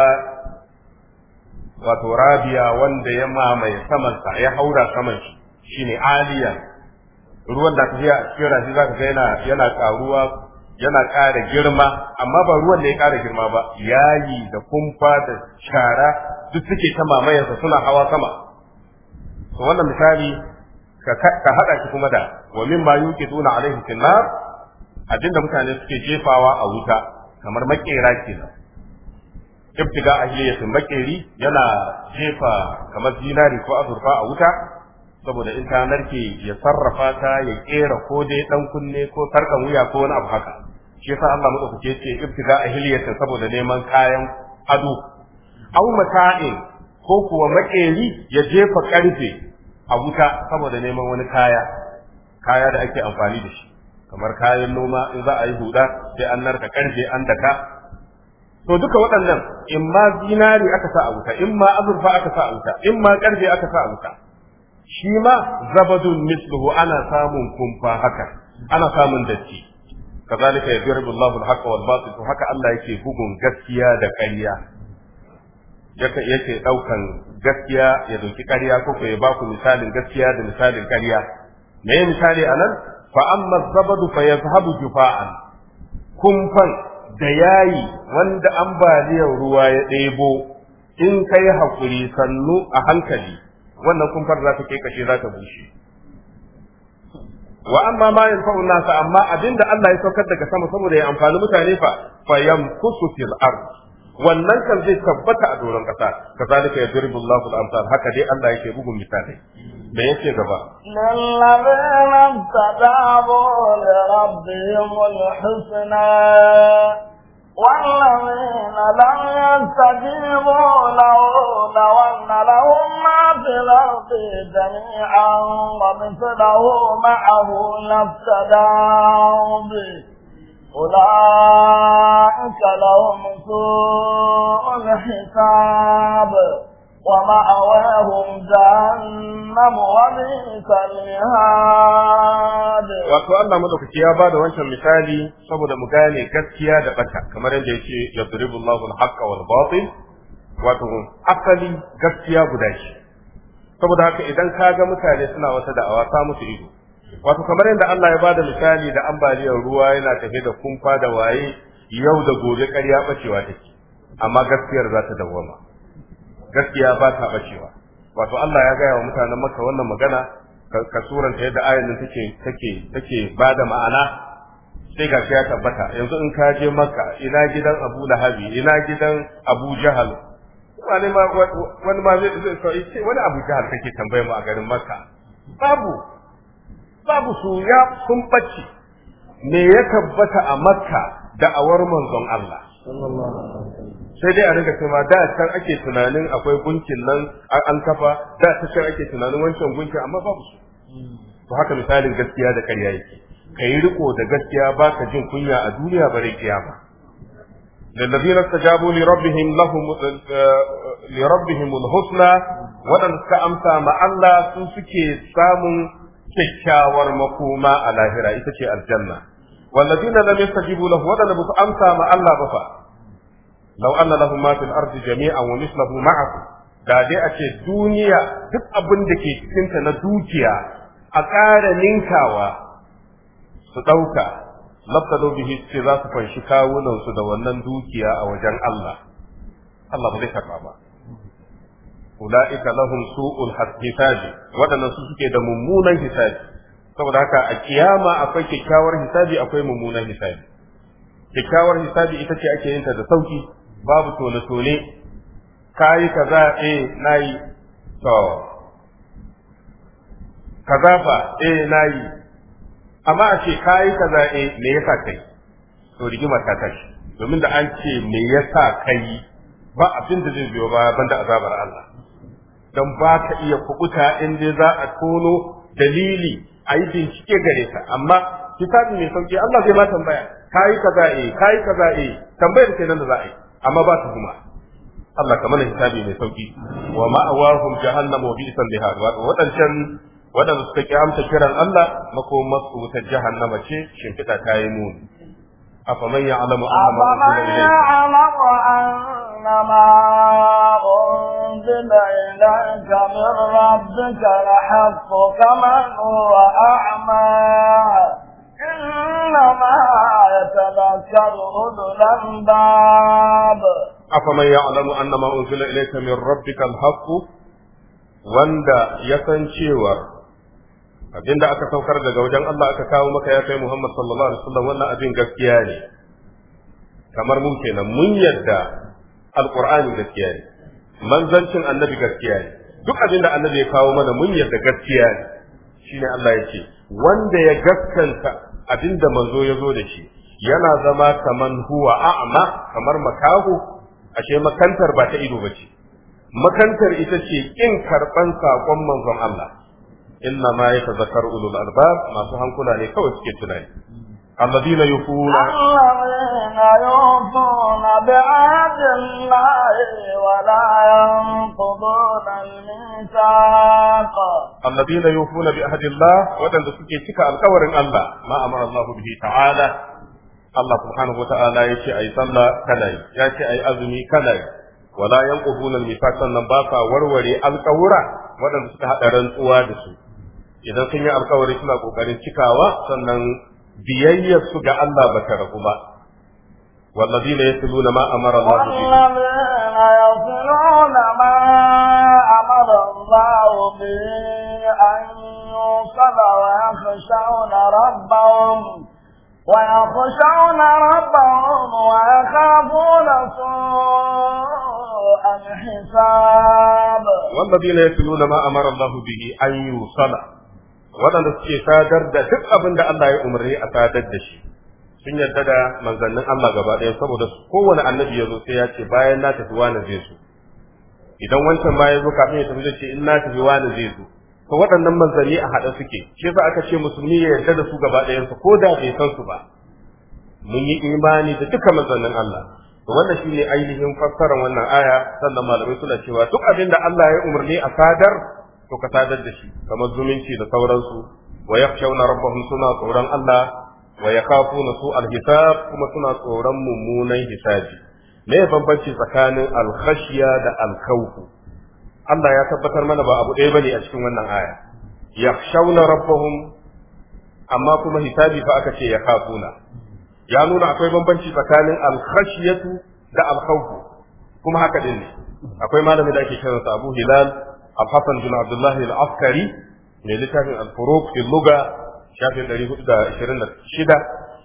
Speaker 3: wato rabiya wanda ya mamaye samansa ya haura saman shi shine aliyan ruwan da tafiya a cikin zaka ga yana yana karuwa yana ƙara girma amma ba ruwan da ya ƙara girma ba yayi da kumfa da shara duk suke ta mamayansa suna hawa sama to wannan misali ka haɗa shi kuma da wa min yuke tuna alaihi fil nar abinda mutane suke jefawa a wuta kamar makera kenan ibtiga sun makeri yana jefa kamar zinari ko azurfa a wuta saboda in ta narke ya sarrafa ta ya kera ko dai dan kunne ko sarkan wuya ko wani abu haka shi yasa Allah kuke ce ibtiga sun, saboda neman kayan ado aw mata'in ko kuwa makeri ya jefa karfe a wuta saboda neman wani kaya kaya da ake amfani da shi kamar kayan noma in za a yi huda sai an narka karfe an daka to duka waɗannan in ma zinari aka sa a wuta in ma azurfa aka sa a wuta in ma karfe aka sa a wuta shi ma zabadun misluhu ana samun kumfa haka ana samun datti kazalika yadribu Allahu al-haqqa wal batil to haka Allah yake bugun gaskiya da ƙarya yake ɗaukan gaskiya ya ɗauki ƙarya ko ya ba ku misalin gaskiya da misalin ƙarya me ya misali a nan fa amma zabadu fa yazhabu jufa'an kumfan da yayi wanda ambaliyar ruwa ya ɗebo in kai hakuri sannu a hankali wannan kumfan za ta ke kashe za ta bushe wa amma ma fa'u nasa amma abinda Allah ya saukar daga sama saboda ya amfani mutane fa yamkusu fil ardh wannan kan zai tabbata a doron kasa kazalika yadribu Allahu al-amsal haka dai Allah yake bugun misalai da yake gaba
Speaker 1: lallazina tadabu li rabbihim al-husna والذين لم يستجيبوا له لو لهم ما في الأرض جميعا ومثله معه به أولئك لهم سوء الحساب ومأواهم جهنم وبئس المهاد.
Speaker 3: وقال الله ملك الشياب هذا وانت المثال صبر مكاني كاسكيا دقتها كما رجع يضرب الله الحق والباطل وتقول أقل كاسكيا بداش. saboda haka idan ka ga mutane suna wata da'awa sa musu ido wato kamar yadda Allah ya bada misali da ambaliyar ruwa yana tafe da kumfa da waye yau da gobe ƙarya bacewa take amma gaskiyar za ta dawoma gaskiya ba ta bacewa wato Allah ya gaya wa mutanen maka wannan magana ka suranta yadda ayan take take take bada ma'ana sai ga ya tabbata yanzu in ka je makka ina gidan abu lahabi ina gidan abu jahal wani ma wani ma zai wani abu jahal kake tambaye mu a garin makka babu babu su ya sun bacci. me ya tabbata a makka awar manzon Allah sai dai a rinka cewa da can ake tunanin akwai gunkin nan an kafa da ta can ake tunanin wancan gunkin amma babu su to haka misalin gaskiya da ƙarya yake kai riko da gaskiya ba ka jin kunya a duniya bare kiyama للذين استجابوا لربهم لهم لربهم الحسنى ودن سكا امسا ما الله سن سكي سامون kyakkyawar makoma a lahira ita ce aljanna wallazina lam yastajibu lahu wa lam amsa ma Allah ba fa law anna lahum ma fil ardi jami'an wa mislahu da dai a ce duniya duk abin da ke cikin ta na dukiya a ƙara ninkawa su ɗauka labtado bihi ce za su fanshi kawunan su da wannan dukiya a wajen Allah Allah ba zai karɓa ba ulaika lahum su'ul hisabi wadannan su suke da mummunan hisabi saboda haka a kiyama akwai kyakkyawar hisabi akwai mummunan hisabi kyakkyawar hisabi ita ce ake yin ta da sauki babu tole tole kayi kaza eh nayi to kaza fa eh nayi amma a ce kayi kaza eh me yasa kai to rigima ta tashi domin da an ce me yasa kai ba abin da zai biyo ba banda azabar Allah don ba ka iya kubuta in dai za a tono dalili a yi bincike gare ta amma kitabi mai sauki Allah zai ma tambaya kai kaza eh kai kaza eh tambayar kenan da za a yi amma ba ta zuma Allah ka mana kitabi mai sauki wa ma'awahum jahannam wa bi'sal wa wadancan wadanda suka ki amsa kiran Allah makomar su wutar jahannama ce shimfiɗa ta yi muni afaman ya'lamu amma
Speaker 1: ya'lamu إنما أنزل إليك من ربك الحق كمن هو أعمى إنما يتذكر أولو الألباب
Speaker 3: أفمن يعلم أن ما أنزل إليك من ربك الحق wanda ya san cewar abinda aka saukar daga wajen Allah aka kawo maka ya kai Muhammad sallallahu alaihi wasallam wannan abin gaskiya ne kamar mu kenan mun yadda alqur'ani gaskiya ne manzancin annabi gaskiya ne duk abin da annabi ya kawo mana mun yarda gaskiya ne shine Allah ya ce wanda ya gaskanta abin da manzo ya zo da shi yana zama kaman huwa a'ma kamar makaho ashe makantar ba ta ido ba ce makantar ita ce kin karban sakon manzon Allah inna ma yatazakkaru ulul albab masu hankula ne kawai suke tunani الذين يوفون
Speaker 1: الذين يوفون بعهد الله ولا ينقضون الميثاق
Speaker 3: الذين يوفون بعهد الله ودن سكي cika alkawarin Allah ma amara Allah bihi Allah subhanahu ya ce ai sallah kada ya ce ai azumi kada yi wala yanquduna al-mithaq sannan ba warware alkawura wadanda suka haɗa rantsuwa da su idan sun yi alkawari suna kokarin cikawa sannan biyayyar su ga Allah ba ta ba والذين يصلون ما أمر الله به والذين
Speaker 1: يصلون ما أمر الله به أن يوصل ويخشون ربهم ويخشون ربهم ويخافون سوء الحساب والذين
Speaker 3: يصلون ما أمر الله به أن يوصل waɗanda suke sadar da duk abin da Allah ya umarni a sadar da shi sun yarda da manzannin Allah gaba ɗaya saboda kowane annabi ya zo sai ya ce bayan na tafi wani zai zo idan wancan ma ya zo kafin ya tafi zai ce in na tafi wani zai zo to waɗannan manzanni a haɗa suke shi yasa aka ce musulmi ya yarda da su gaba ɗaya su ko da bai san su ba mun yi imani da duka manzannin Allah to wannan shine ainihin fassarar wannan aya sannan malamai suna cewa duk abin da Allah ya umarni a sadar to ka sadar da shi kamar zumunci da sauransu wa yakhshawna rabbahum suna tsoron Allah wa ya yakhafuna su alhisab kuma suna tsoron mummunan hisabi me bambanci tsakanin alkhashiya da alkhawfu Allah ya tabbatar mana ba abu ɗaya bane a cikin wannan aya yakhshawna rabbahum amma kuma hisabi fa aka ce ya yakhafuna ya nuna akwai bambanci tsakanin alkhashiyatu da alkhawfu kuma haka din ne akwai malami da ake kiransa Abu Hilal al-hasan bin abdullah al-askari mai littafin al-furuq fil lugha shafin 426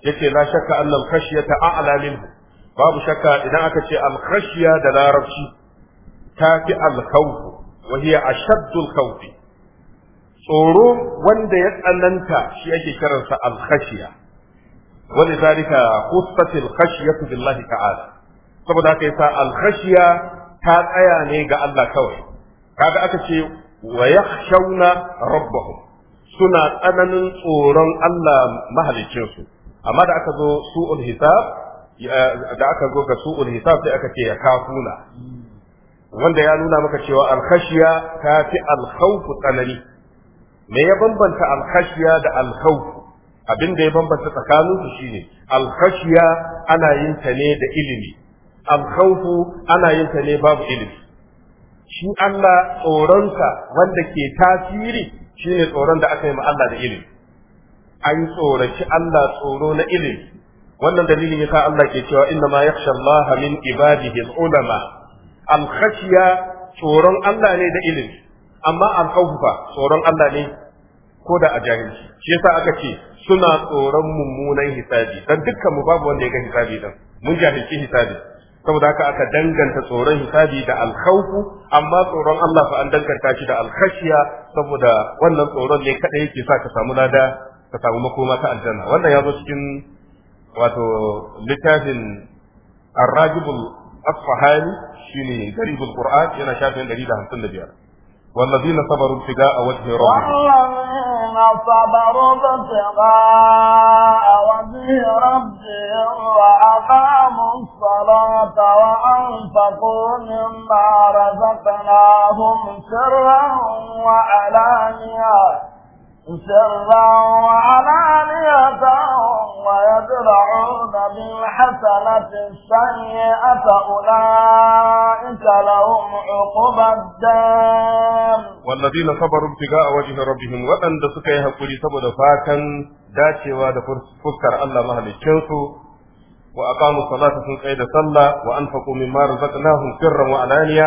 Speaker 3: yace la shakka annal khashyata a'la minhu babu shakka idan aka ce al-khashya da larabci tafi al-khawf wa hiya ashaddu al-khawf tsoro wanda ya tsananta shi ake kiransa al-khashya ولذلك خصت الخشية بالله تعالى saboda haka yasa alkhashiya ta tsaya ne ga Allah kawai kaga aka ce wa shauna rabbahum suna tsananin tsoron Allah mahaliccin amma da aka zo su'ul hisab da aka zo ga su'ul hisab sai aka ce ya kafuna wanda ya nuna maka cewa alkhashiya ta fi alkhawfu tsanani me ya bambanta alkhashiya da alkhawfu abin da ya bambanta tsakanin su shine alkhashiya ana yin ta ne da ilimi alkhawfu ana yin ta ne babu ilimi shi Allah tsoronsa wanda ke tasiri shine tsoron da aka yi ma Allah da ilimi an tsoraci Allah tsoro na ilimi wannan dalilin ya sa Allah ke cewa inna ma yakhsha Allah min ibadihi ulama al khashiya tsoron Allah ne da ilimi amma al khawfa tsoron Allah ne ko da a jahilci shi yasa aka ce suna tsoron mummunan hisabi dan dukkan mu babu wanda ya ga hisabi dan mun jahilci hisabi saboda haka aka danganta tsoron hisabi da alkhawfu amma tsoron Allah fa an danganta shi da alkhashiya saboda wannan tsoron ne kada yake sa ka samu lada ka samu makoma ta aljanna wannan ya zo cikin wato littafin ar-rajibul asfahani shine garibul qur'an yana shafin 155 والذين صبروا ابتغاء وجه
Speaker 1: ربهم والذين صبروا ابتغاء وجه ربهم وأقاموا الصلاة وأنفقوا مما رزقناهم سرا وعلانية سرا وعلانية ويدرعون بالحسنة السيئة أولئك لهم عقبى الدار
Speaker 3: والذين صبروا ابتغاء وجه ربهم وأن دسكيها كل سبد فاكا داتي واد فكر الله مهل الشمس وأقاموا الصلاة في قيد صلى وأنفقوا مما رزقناهم سرا وعلانية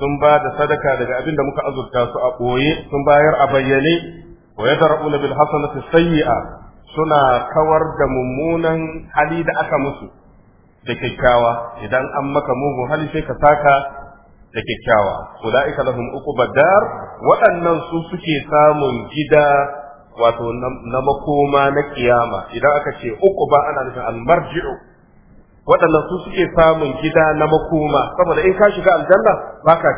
Speaker 3: sun ba da sadaka daga abin da muka azurta su a ɓoye sun bayar a bayyane wa yadra'una bil hasanati sayyi'a suna kawar da mummunan hali da aka musu da kyakkyawa idan an maka mugun hali sai ka saka da kyakkyawa ulaika lahum uqubad dar waɗannan su suke samun gida wato na makoma na kiyama idan aka ce uquba ana nufin almarji'u waɗannan su suke samun gida na makoma saboda in ka shiga aljanna ba ka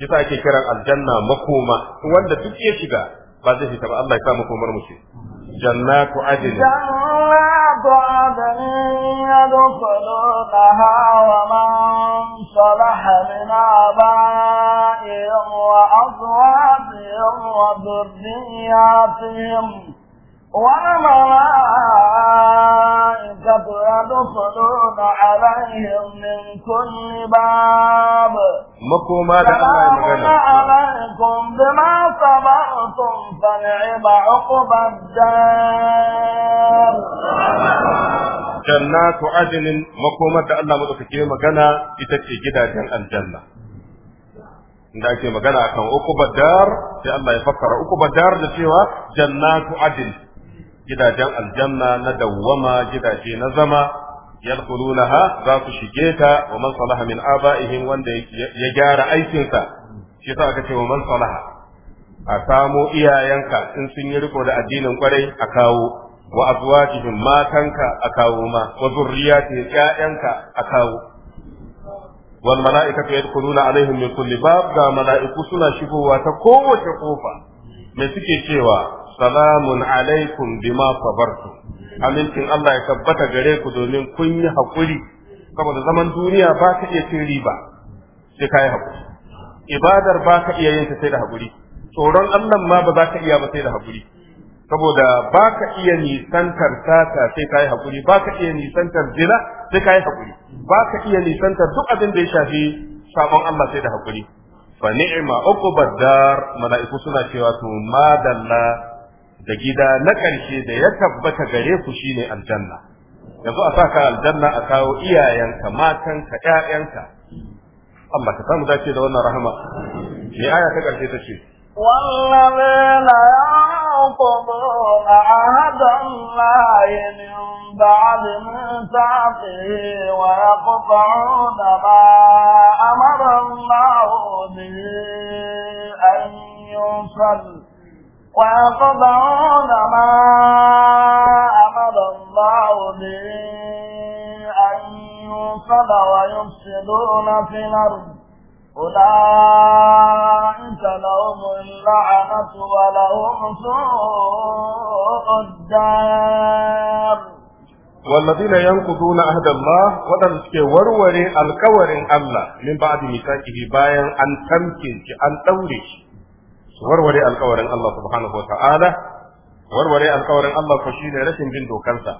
Speaker 3: shiga ake kiran aljanna makoma wanda duk ya shiga ba zai fita ba Allah ya sa mu komar mu ce jannatu
Speaker 2: adn
Speaker 1: jannatu adn yadkhulunaha wa man salaha min abaihim wa azwajihim wa dhurriyyatihim والملائكة يدخلون عليهم من كل باب مكوما سلام عليكم بما صبرتم فنعم عقب الدار
Speaker 3: جنات عدن مكومة الله magana ita ce gidajen inda ake magana akan uku dar sai Allah ya fakkara uku dar da cewa jannatu adil gidajen aljanna na dawwama gidaje na zama yadkhulunaha za su shige ta wa man salaha min aba'ihim wanda ya gyara aikinsa shi sa aka ce wa man salaha a samo iyayenka in sun yi riko da addinin kwarai a kawo wa azwajihim matanka a kawo ma wa zurriyati ya'yanka a kawo wal mala'ikatu yadkhuluna alaihim min kulli bab ga mala'iku suna shigowa ta kowace kofa mai suke cewa salamun alaikum bima sabartum amincin Allah ya tabbata gare ku domin kun yi hakuri saboda zaman duniya ba ka iya cin riba sai ka yi hakuri ibadar ba ka iya yin ta sai da hakuri tsoron Allah ma ba za ka iya ba sai da hakuri saboda ba ka iya nisantar sata sai ka yi hakuri ba ka iya nisantar zina sai ka yi hakuri ba ka iya nisantar duk abin da ya shafi sabon Allah sai da hakuri fa ni'ma uqbad dar mala'iku suna cewa to madalla da gida na ƙarshe da ya tabbata gare ku shine aljanna yanzu a saka aljanna a kawo iyayenka matanka ƴaƴanka Allah ka samu dace da wannan rahama me aya ta ƙarshe
Speaker 2: ta ce
Speaker 1: والذين يعقبون عهد الله من بعد ميثاقه ويقطعون ما أمر الله به أن يوصل ويقضعون ما أمر الله به أن يوصل ويفسدون في الأرض أولئك لهم اللعنة ولهم سوء الدار
Speaker 3: والذين ينقضون عهد الله ودن suke warware alkawarin Allah min ba'di misaqihi bayan an tamkinci an daure shi warware alkawarin Allah subhanahu wa ta'ala warware alkawarin Allah ko shine rashin bin dokansa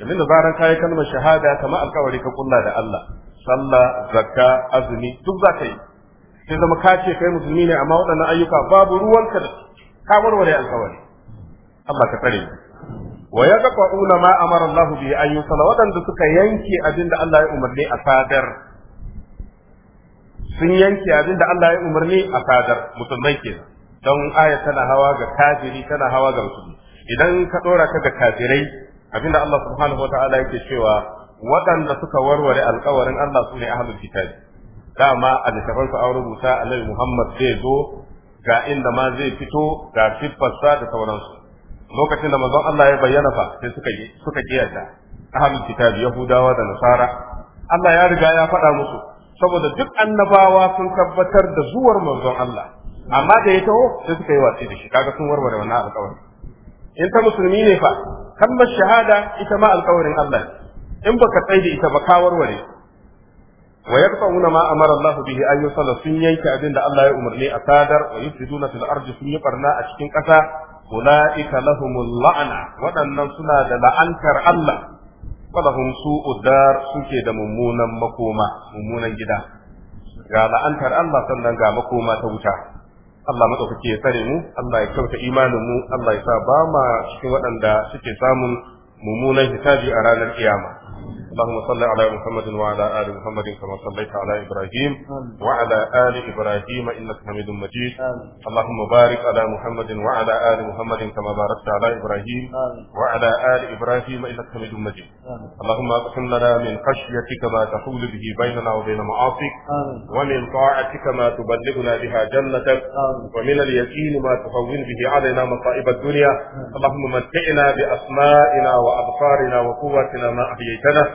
Speaker 3: domin da zaran kai kalmar shahada kamar alkawari ka kulla da Allah sallah zakka azumi duk za ka yi sai zama ka ce kai musulmi ne amma waɗannan ayyuka babu ruwanka da ka warware alkawari
Speaker 2: Allah ka tsare wa ya
Speaker 3: zaqa ulama amara Allah bi an yusala waɗanda suka yanke abinda Allah ya umarni a sadar sun yanke abinda Allah ya umarni a sadar musulmai kenan don aya tana hawa ga kafiri tana hawa ga musulmi idan ka dora ka ga kafirai abinda Allah subhanahu wataala yake cewa waɗanda suka warware alkawarin Allah su ne ahlul kitab dama a littafin su an Musa annabi Muhammad zai zo ga inda ma zai fito ga siffarsa da sauransu lokacin da manzon Allah ya bayyana fa sai suka yi suka kiyata ahlul kitab yahudawa da nasara Allah ya riga ya faɗa musu saboda duk annabawa sun tabbatar da zuwar manzon Allah amma da ya taho sai suka yi watsi da shi kaga sun warware wannan alƙawari in ta musulmi ne fa kalmar shahada ita ma alƙawarin Allah in baka tsai da ita ba ka warware wa yaqta'una ma amara Allah bihi an yusalla sun yanke abin da Allah ya umarni a sadar wa yusiduna fil ardi sun yi barna a cikin ƙasa ulaika lahumul la'ana waɗannan suna da la'antar Allah walahum su'ud dar suke da mummunan makoma mummunan gida ga la'antar Allah sannan ga makoma ta wuta Allah madaukake ya tsare mu Allah ya kauta imanin mu Allah ya sa ba ma cikin waɗanda suke samun mummunan hisabi a ranar kiyama اللهم صل على محمد وعلى ال محمد كما صليت على ابراهيم وعلى ال ابراهيم انك حميد مجيد اللهم بارك على محمد وعلى ال محمد كما باركت على ابراهيم وعلى ال ابراهيم انك حميد مجيد اللهم اقسم لنا من خشيتك ما تحول به بيننا وبين معاصيك ومن طاعتك ما تبلغنا بها جنتك ومن اليقين ما تهون به علينا مصائب الدنيا اللهم متعنا باسمائنا وابصارنا وقواتنا ما احييتنا